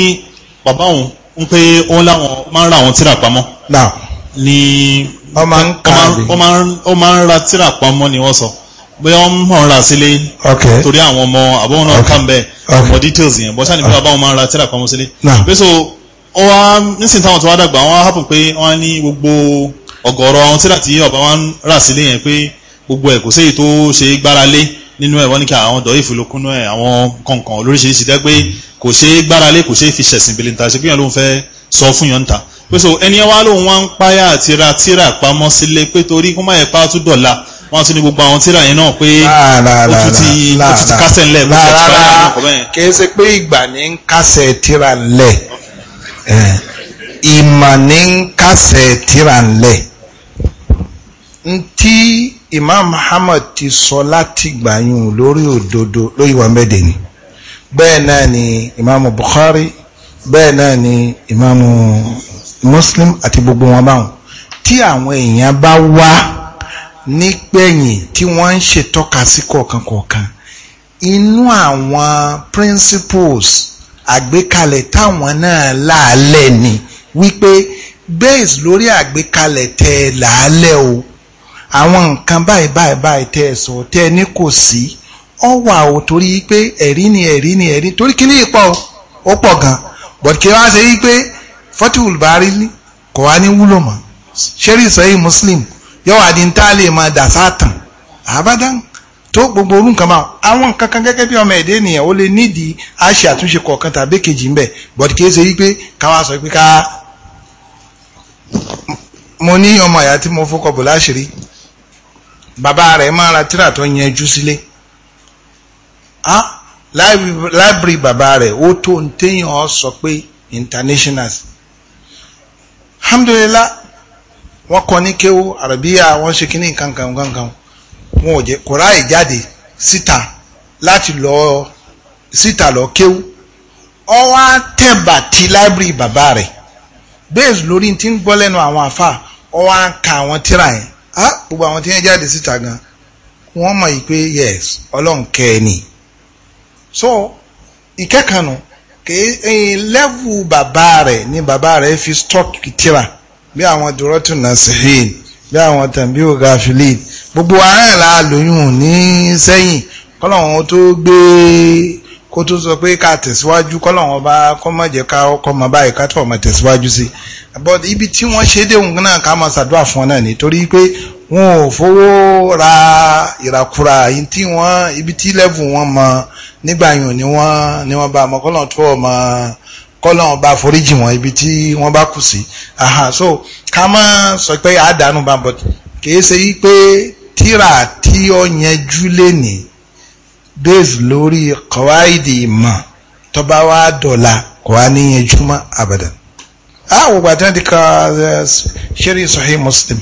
bàbá òun ń pé ó láwọn máa ń ra àwọn tíra pamọ́. náà ni ó máa ń kà á ó máa ń ra tíra pamọ́ ni wọ́n sọ bóyá wọ́n mọ̀ ń ra sílé torí àwọn ọmọ àbọ̀wọ̀n náà kà ń ọmọ details yẹn bọ́ ni bí wọ́n bá wọn máa ń ra tíra pamọ́ sílé. pé so ó wá nísìnyí táwọn tó wá dàgbà wọn á hàpù pé wọn á ní gbogbo ọ̀gọ̀ọ̀rọ̀ àwọn tíra tí ọba wọn rà sílé yẹn pé gbogbo ẹ̀ kò séyìí tó ṣe gbára lé nínú ẹ̀ wọ́n ní kí àwọn dọ̀yìn ìfúlokúnú ẹ̀ àwọn kọ̀ọ̀kan olóríṣiríṣi dẹ́ pé kò ṣe é gbáralé kò ṣe é fi ṣẹ̀sìn bèlè níta ṣe pé yẹn ló ń fẹ́ sọ fún yẹn níta pé so ẹni ẹ wá lóun wá ń páyà àti ra tíra pamọ́ sílé pé torí kó má yẹ pa tún dọ̀la wọ́n tún ní gbogbo àwọn tíra yẹn náà pé ó tún ti kásẹ̀ ńlẹ̀ bó ṣe ti fẹ́ ọkọ̀ bẹ́ẹ̀. kì í ṣe pé ìgbà ní ń kásẹ̀ tíra ńlẹ̀ ìmọ̀ ní ń kásẹ̀ tíra ńlẹ̀ ntí Imam Muhammad ti sọ láti gbàyùn lórí òdodo lórí wa mẹ́dẹ̀ ni bẹ́ẹ̀ náà ni Imam Bukhari bẹ́ẹ̀ náà ni Imam Muslim àti gbogbo wọn báwọn tí àwọn èèyàn bá wá nígbẹ̀yìn tí wọ́n ń ṣètọ́ka sí kọ̀ọ̀kan kọ̀ọ̀kan inú àwọn principles àgbékalẹ̀ táwọn náà láàlẹ̀ ni wípé base lórí àgbékalẹ̀ tẹ làálẹ̀ o àwọn nǹkan báyìí báyìí báyìí tẹ́ ẹ sọ tẹ́ ní kò sí ọ wà ó torí pé ẹ̀rí ni ẹ̀rí ni ẹ̀rí torí kí ní ipò ó pọ̀ gan but kí wá ṣe wípé bá rí ní wúlò mọ́ ṣẹ́rí muslim yọ̀wá lè máa dà gbogbo orú nǹkan máa àwọn gẹ́gẹ́ bí ọmọ ènìyàn ó lè nídìí ṣe àtúnṣe kọ̀ọ̀kan tàbí kejì ń bẹ̀ but sọ pé ká mo ní ọmọ àyà tí mo láṣìírí bàbá rẹ̀ máa ra tíra tó yanjú sílé láìbírí bàbá rẹ̀ ó tó ń téèyàn sọ pé internationals alhamdulillah wọ́n kọ́ ní kéwú àràbíyà wọ́n ṣe kíní kankan kankan wọn ò jẹ́ kò ráàyè jáde síta láti lọ síta lọ kéwú ọ wá tẹ̀bà ti láìbírí bàbá rẹ̀ bẹ́ẹ̀ lórí ti ń gbọ́ lẹ́nu àwọn àfà ọ wá ń ka àwọn tíra yẹn gbogbo àwọn tí wọ́n jáde síta gan wọ́n mọ̀ yìí pé yes ọlọ́run kẹ́ So, nì so ìkẹ́kànnù lẹ́vù bàbá rẹ̀ ni bàbá rẹ̀ fi stock tira bí àwọn dùrọ́tù nasirin bí àwọn tàbí ogafilin gbogbo àárín la lóyún ní sẹ́yìn kọ́lọ́run tó gbé kó tó sọ pé ká tẹ̀síwájú kọ́lọ́wọ́n bá kọ́ mọ̀ jẹ́ ká ọkọ̀ báyìí ká tọ̀ tẹ̀síwájú sí but ibi tí wọ́n ṣe déhùn náà ká máa ṣàdúrà fún ọ náà ni torí pé wọn ò fowó ra ìràkúra yìí tí wọ́n ibi tí lẹ́vù wọn mọ nígbà yùn ni wọ́n ni wọ́n bá mọ tó ọ mọ bá foríjì wọn ibi tí wọ́n bá kù sí so ká má sọ pé àdánù bá but kì í ṣe yí pé tíra tí ó yẹn jú lénìí base lórí kọ̀wáìdì ìmọ̀ tó bá wá dọ̀la kò wá níyẹn júmọ́ abadan àwọn ògbà tí wọ́n ti ka ṣeré uh, sahih muslim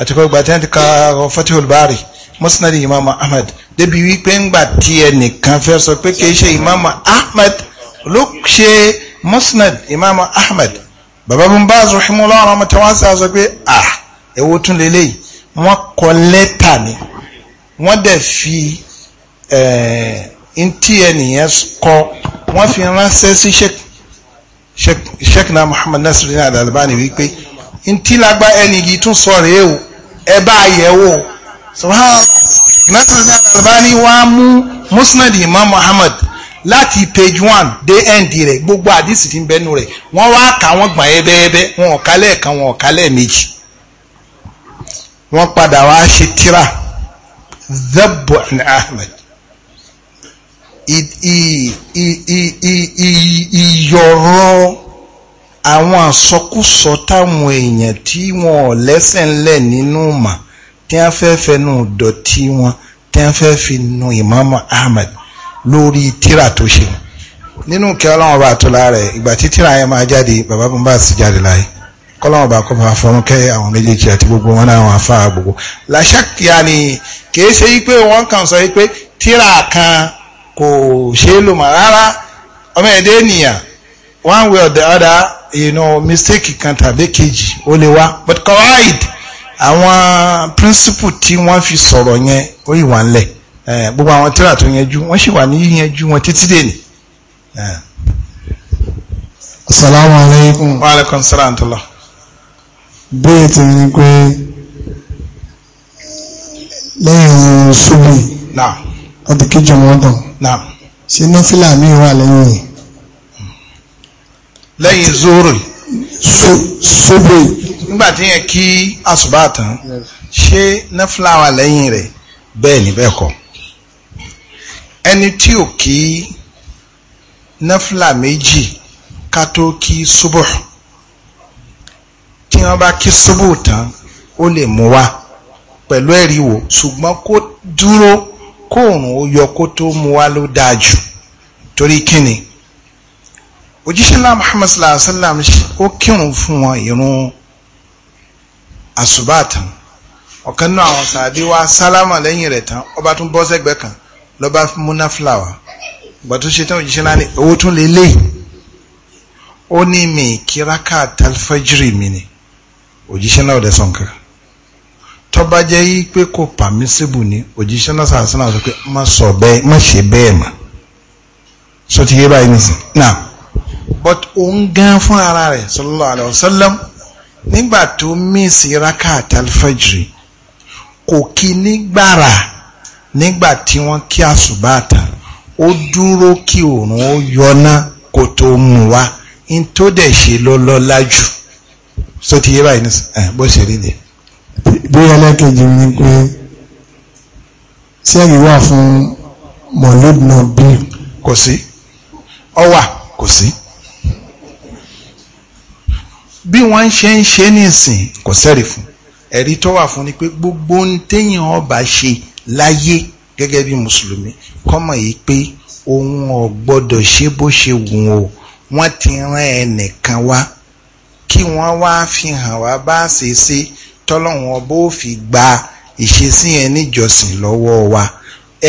àti ògbà tí wọ́n ti ka uh, fatihul bari musnad imam ahmed débi wípé ńgbà tí ẹnìkan fẹ́ sọ pé kìí ṣe imam ahmed ló ṣe musnad imam ahmed bàbá bin baz rahimahullah ọmọ tí wọ́n sọ pé ah èwo tún lélẹ́yìí wọ́n kọ lẹ́tà ni wọ́n dẹ̀ fi eh, ntí ẹnìyẹn kọ́ wọ́n fi ránṣẹ́ sí sheikh na muhammad nasiru al-Albani wípé ntí lágbá ẹnì yìí tún sọ rèé o ẹ bá yẹ̀ wò subhanallah nasiru al wá mú musnad imam muhammad láti page one dé end rẹ̀ gbogbo àdìsí tí ń bẹnu rẹ̀ wọ́n wá kà wọ́n gbà ẹbẹ́ẹbẹ́ wọn ò kà lẹ́ẹ̀kan wọn ò kà lẹ́ẹ̀mejì wọ́n padà wá ṣe tíra dhabbu an ahmed ìyọ̀rọ̀ àwọn àsọkúsọ táwọn èèyàn tí wọn ò lẹ́sẹ̀ ńlẹ̀ nínú mà tí wọ́n fẹ́ fẹnu dọ̀tí wọn tí wọ́n fẹ́ fi nu Imam Ahmed lórí tíra tó ṣe nínú kí ọlọ́run bá tó lára ẹ̀ ìgbà tí tíra yẹn máa jáde bàbá bá ń bá sì jáde láyé kọ́lọ́wọ́n bá kọ́ bá fọ́nrún kẹ́ àwọn méjèèjì àti gbogbo wọn náà wọn afá gbogbo làṣàkíyà ni kìí ṣe wípé wọ́n kàn sọ wípé tíra kan kò ṣe é lò mọ́ rárá ọmọ ẹ̀dá ènìyàn one way or the other you know, mistake kan tàbí kejì ó lè wá but correct àwọn principle tí wọ́n fi sọ̀rọ̀ yẹn ó yìí wà ńlẹ̀ eh, gbogbo àwọn tíra tó yẹnjú wọ́n sì wà ní yíyanjú wọn títí dèní. Eh. Assalamu Wa alaikum salaam tula bẹ́ẹ̀ ti ní pé lẹ́yìn ṣúbì ọdí kíjọ mọ́tàn ṣe nọ́fílà mi wà lẹ́yìn lẹ́yìn zoro ṣúbì nígbàtí yẹn kí àṣùbà tán ṣe nọ́fílà wà lẹ́yìn rẹ̀ bẹ́ẹ̀ ni bẹ́ẹ̀ kọ́ ẹni tí ò kí nọ́fílà méjì ká tó kí ṣúbọ̀ tí wọ́n bá kí ṣubú tán ó lè mú wá pẹ̀lú ẹ̀rí wo ṣùgbọ́n kó dúró kóòrùn ó yọ kó tó mú wá ló dáa jù torí kíni òjíṣẹ́ náà Muhammad sallallahu alayhi wa sallam ó kírun fún wọn ìrun àṣùbà ọ̀kan náà àwọn sàádé wá sálámà lẹ́yìn rẹ̀ tán ọba tún bọ́ sẹ́gbẹ́ kan lọ́ba múná fúláwà ìgbà tó ṣe tán òjíṣẹ́ náà ní owó tún lè léyìí ó ní mi kíráka talfajiri mi ni òjíṣẹ́ náà ọ̀dẹ̀ sọ̀nkà tó bá jẹ́ yí pé kò pàmísìbù ni òjíṣẹ́ náà sàásì náà sọ pé má sọ bẹ́ẹ̀ má ṣe bẹ́ẹ̀ mà so ti yé báyìí nìsín now but òun gan fún ara rẹ̀ sallallahu alaihi wasallam nígbà tó mísì rákàtà alfajiri kò kí ní gbàrà nígbà tí wọ́n kí àsùbàtà ó dúró kí òòrùn ó yọ náà kó tó mú wa n tó dẹ̀ ṣe ló jù so ti yé báyìí ní bó ṣe rí ni. bóyá lẹ́kẹ̀jì ni pé sẹ́ẹ̀rì wà fún mọ̀lúdù náà bí. kò sí ọ wà kò sí. bí wọ́n ń ṣe ń ṣe nísìn kò sẹ́rì fún ẹ̀rí tó wà fún ni pé gbogbo ń téèyàn ọba ṣe láyé gẹ́gẹ́ bí mùsùlùmí kọ́mọ̀ yìí pé òun ò ṣe bó ṣe wù ú wọ́n ti rán ẹnìkan wá kí wọ́n wá fi hàn wá bá ṣe ṣe tọ́lọ́run ọba ó fi gba ìṣesí yẹn níjọsìn lọ́wọ́ wa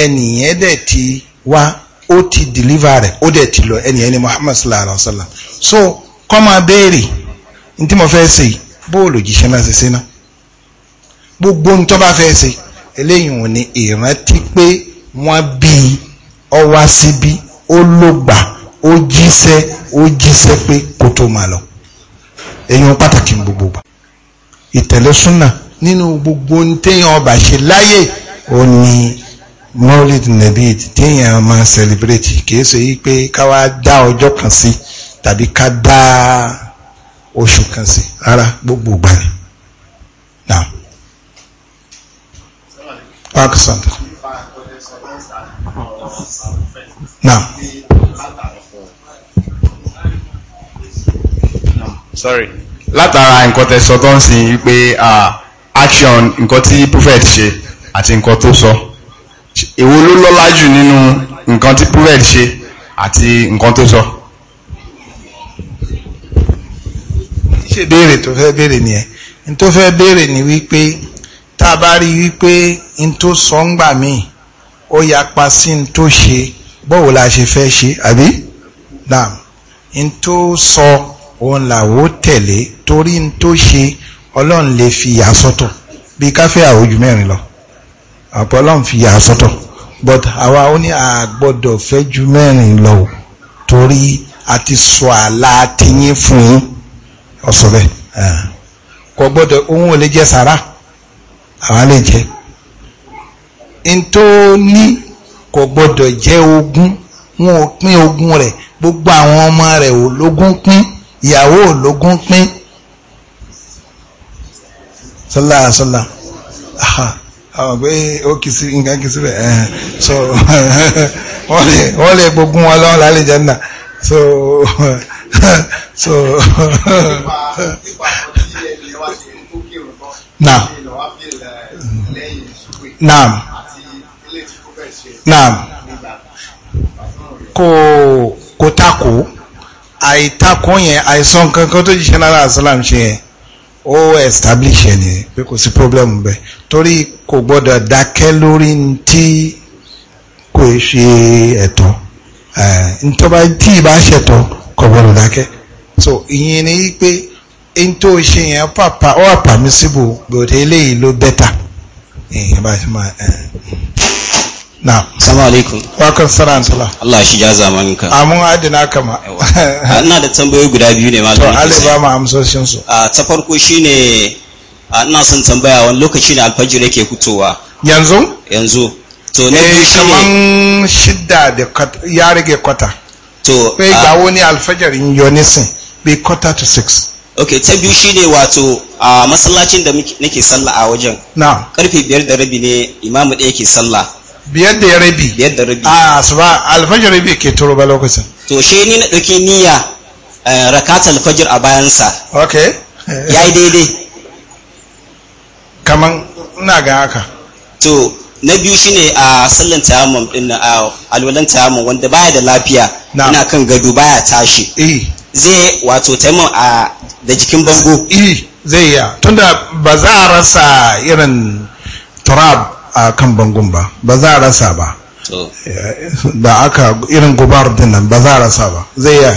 ẹnìyẹn dẹ̀ ti wá ó ti deliver rẹ̀ ó dẹ̀ ti lọ ẹnìyẹn ni Muhammad sallallahu alayhi wa sallam so kọ́ máa béèrè ní tí mo fẹ́ ṣe bóòlù jíṣẹ́ náà ṣe ṣe náà gbogbo ohun tó bá fẹ́ ṣe eléyìí ò ní ìrántí pé wọ́n bí ọ síbí ó lògbà ó jíṣẹ́ ó jíṣẹ́ pé kó tó máa lọ èèyàn pàtàkì ní gbogbo gbà ìtẹ̀lé súnà nínú gbogbo téèyàn ọba ṣe láyè ó ní maulid nabi téèyàn máa celebrate kìí ṣe yí pé ká wá dá ọjọ́ kan sí tàbí ká dá oṣù kan sí rárá gbogbo gbà ni. Now, Now. sorry. látara nǹkan tẹ sọ tó ń sin pé action nǹkan tí prophet ṣe àti nǹkan tó sọ èwo ló lọ́lá jù nínú nǹkan tí prophet ṣe àti nǹkan tó sọ. ṣe béèrè tó fẹ́ béèrè nìyẹn n tó fẹ́ béèrè ni wípé tá a bá rí wípé n tó sọ ń gbà míì ó yapa sí n tó ṣe bọ́wọ́ la ṣe fẹ́ ṣe àbí? n tó sọ. So, òun làwọ́ tẹ̀lé torí ń tó ṣe ọlọ́run lè fi yà sọ́tọ̀ bí káfẹ́ àwòjú mẹ́rin lọ àpò ọlọ́run fi yà sọ́tọ̀ but àwa ó ní àgbọ́dọ̀ fẹ́ ju mẹ́rin lọ torí a ti sọ àlá tiyín fún yín ọ̀sọ̀ bẹ́ẹ̀ ah. kò gbọ́dọ̀ òun ò lè jẹ sàrà àwa lè jẹ n tó ní kò gbọ́dọ̀ jẹ́ ogún wọn ò pín ogún rẹ̀ gbogbo àwọn ọmọ rẹ̀ ò lógún pín ìyàwó ológun pín sọlá sọlá àwọn pé ó kì sí nǹkan kì sí bẹ́ẹ̀ so wọ́n lè gbógun wọn lọ́wọ́ lálẹ́ jẹ́ nà so so naam naam naam kò kò takò àìtakùn yẹn àìsàn kankan tó jíṣẹ́ lára àsálàm ṣe yẹn ó establish ẹ̀ nìyẹn pé kò sí problem bẹ́ẹ̀ torí kò gbọ́dọ̀ dákẹ́ lórí tí kò ṣe ẹ̀tọ́ ntọ́ba tí ì bá ṣẹ̀tọ́ kò gbọ́dọ̀ dákẹ́ so ìyẹn ni pé n tó ṣe yẹn pàpà ó àpàmísìbò gbòdè eléyìí ló bẹ́tà ìyẹn bá ṣe máa. na salamu alaikum wakar salam salam Allah shi ja zamanin ah, ka amin adina kama ina da tambayoyi guda biyu ne malamin to Allah ba mu amsoshin su a ah, ta farko shine ah, ina son tambaya wani lokaci ne alfajir yake fitowa yanzu yanzu to na eh, biyu shine kaman shidda da ya rage kwata to kai ga wani alfajar in yonisin bi kwata to six ok ta biyu shi ne wato a masallacin da nake sallah a wajen na karfe biyar da rabi ne imamu ɗaya ke sallah biyar da ya rabi biyar da rabi a ah, asuba alfajir rabi ke turo ba lokacin to she ni na dauke niyya eh, rakat alfajir a bayansa okay yayi daidai kaman ina ga haka to na biyu shine a sallan tayammum din a alwalan tayammum wanda baya da lafiya ina kan gado baya tashi eh zai wato tayammum a da jikin bango eh zai ya tunda ba za a rasa irin turab a kan bangon ba ba za a rasa ba da aka irin gubar din nan ba za a rasa ba zai yá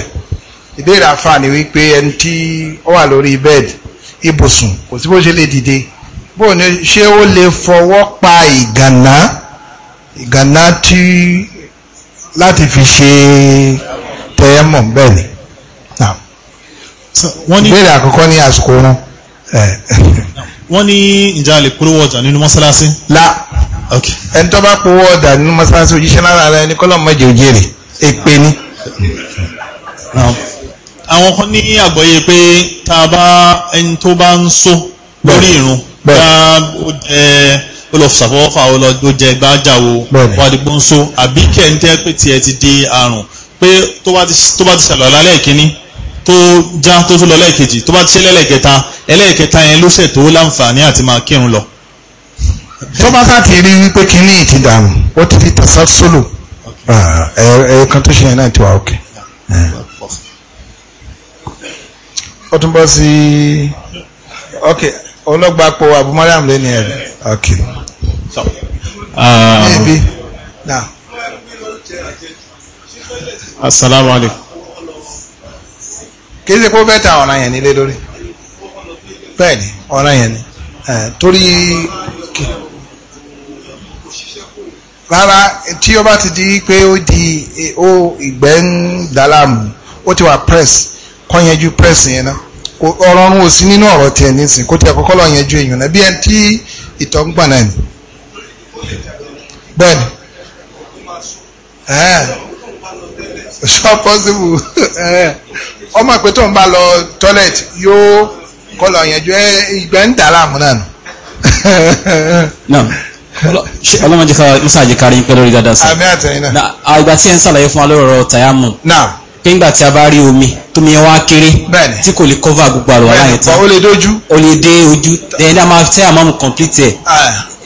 ìbéèrè afa ni wípé ẹni tí ó wà bed ibùsùn kò sí bó ṣe lè dìde bó ni ṣé ó lè fọwọ́ pa ìgànná ìgànná tí láti fi ṣe tẹyẹmọ bẹ́ẹ̀ ni ìbéèrè àkọ́kọ́ ní àsìkò oorun. Eh. wọ́n ní ìjà lè polówó ọjà nínú mọ́sálásí. la ẹni tó bá polówó ọjà nínú mọ́sálásí òjíṣẹ́ lára rẹ ní kọ́lọ́ mọ́jẹ òjèrè èpè ni. àwọn kan ní àgbọ́yé pé tá a bá ẹni tó bá ń so lórí ìrun bá ó jẹ olùsàfọwọ́fà ó jẹ gbájáwo wàdìgbò ń so àbí kẹ́ńtẹ́ pé tiẹ̀ ti di àrùn pé tó bá ti ṣàlọ́ lálẹ́ ìkíní tó já tó tún lọ lẹ́ẹ̀kejì tó bá ti ṣe lẹ́ẹ̀kẹta ẹlẹ́ẹ̀kẹta yẹn ló ṣẹ̀ tó láǹfààní àti máa kírun lọ. tó bá sá ti rí wípé kínní ti dànù ó ti fi tẹ̀sán sólò ẹ̀ẹ́ kan tó ṣe yẹn náà ti wà òkè. Eh. ó tún bọ́ sí ok ọlọ́gbàpọ̀ abumariam lẹ́ni ẹ̀rẹ̀ ok. So, um, Maybe. Now. Assalamu alaikum kì í ṣe pé ó fẹ́ ta ọ̀ràn yẹn nílé lórí bẹ́ẹ̀ ni ọ̀ràn yẹn ni torí rárá tí ó bá ti di pé ó di ó ìgbẹ́ ń dàlámù ó ti wà press kọ́ yẹnjú press yẹn náà ọ̀rọ̀ ọ̀run ò sí nínú ọ̀rọ̀ tiẹ̀ nísìn kó tiẹ̀ kọ́kọ́ lọ yẹnjú èèyàn náà bí ẹni tí ìtọ̀ ń gbà náà ni bẹ́ẹ̀ ni. so possible eh, ọmọ pé tó ń bá lọ toilet yóò kọlọ yẹnjú eh, ìgbẹ́ ń dà láàmú náà nù. ọlọ́mọ ká musa jẹ́ kárí pẹ́ lórí dáadáa sí. àmì àtẹ̀yìn náà. àgbà tí ẹ omi tómi yẹn wá kéré. bẹ́ẹ̀ni tí kò lè cover gbogbo àrò o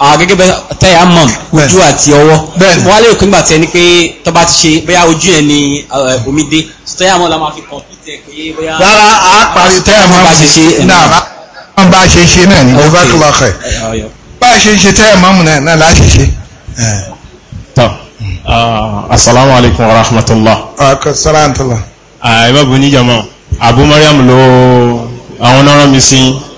gẹ́gẹ́ bẹ́ tẹ́yà mọ̀ ojú àti ọwọ́ wọ́n á lè kún ìgbà tẹ́ ni pé tó bá ti ṣe bóyá ojú yẹn ni omi dé tẹ́yà mọ̀ la máa fi kọ̀mpútẹ̀ pé bóyá. rárá a parí tẹ́yà mọ̀ bá ṣe ṣe náà wọ́n bá ṣe ṣe náà ní bó bá kí lọ́kọ̀ ẹ̀ bá ṣe ṣe tẹ́yà mọ̀ mu náà la ṣe ṣe. tọ́ asalaamu alaykum wa rahmatulah. akasalaamtala. ẹ bá abu mariam ló àwọn náírà mi sí.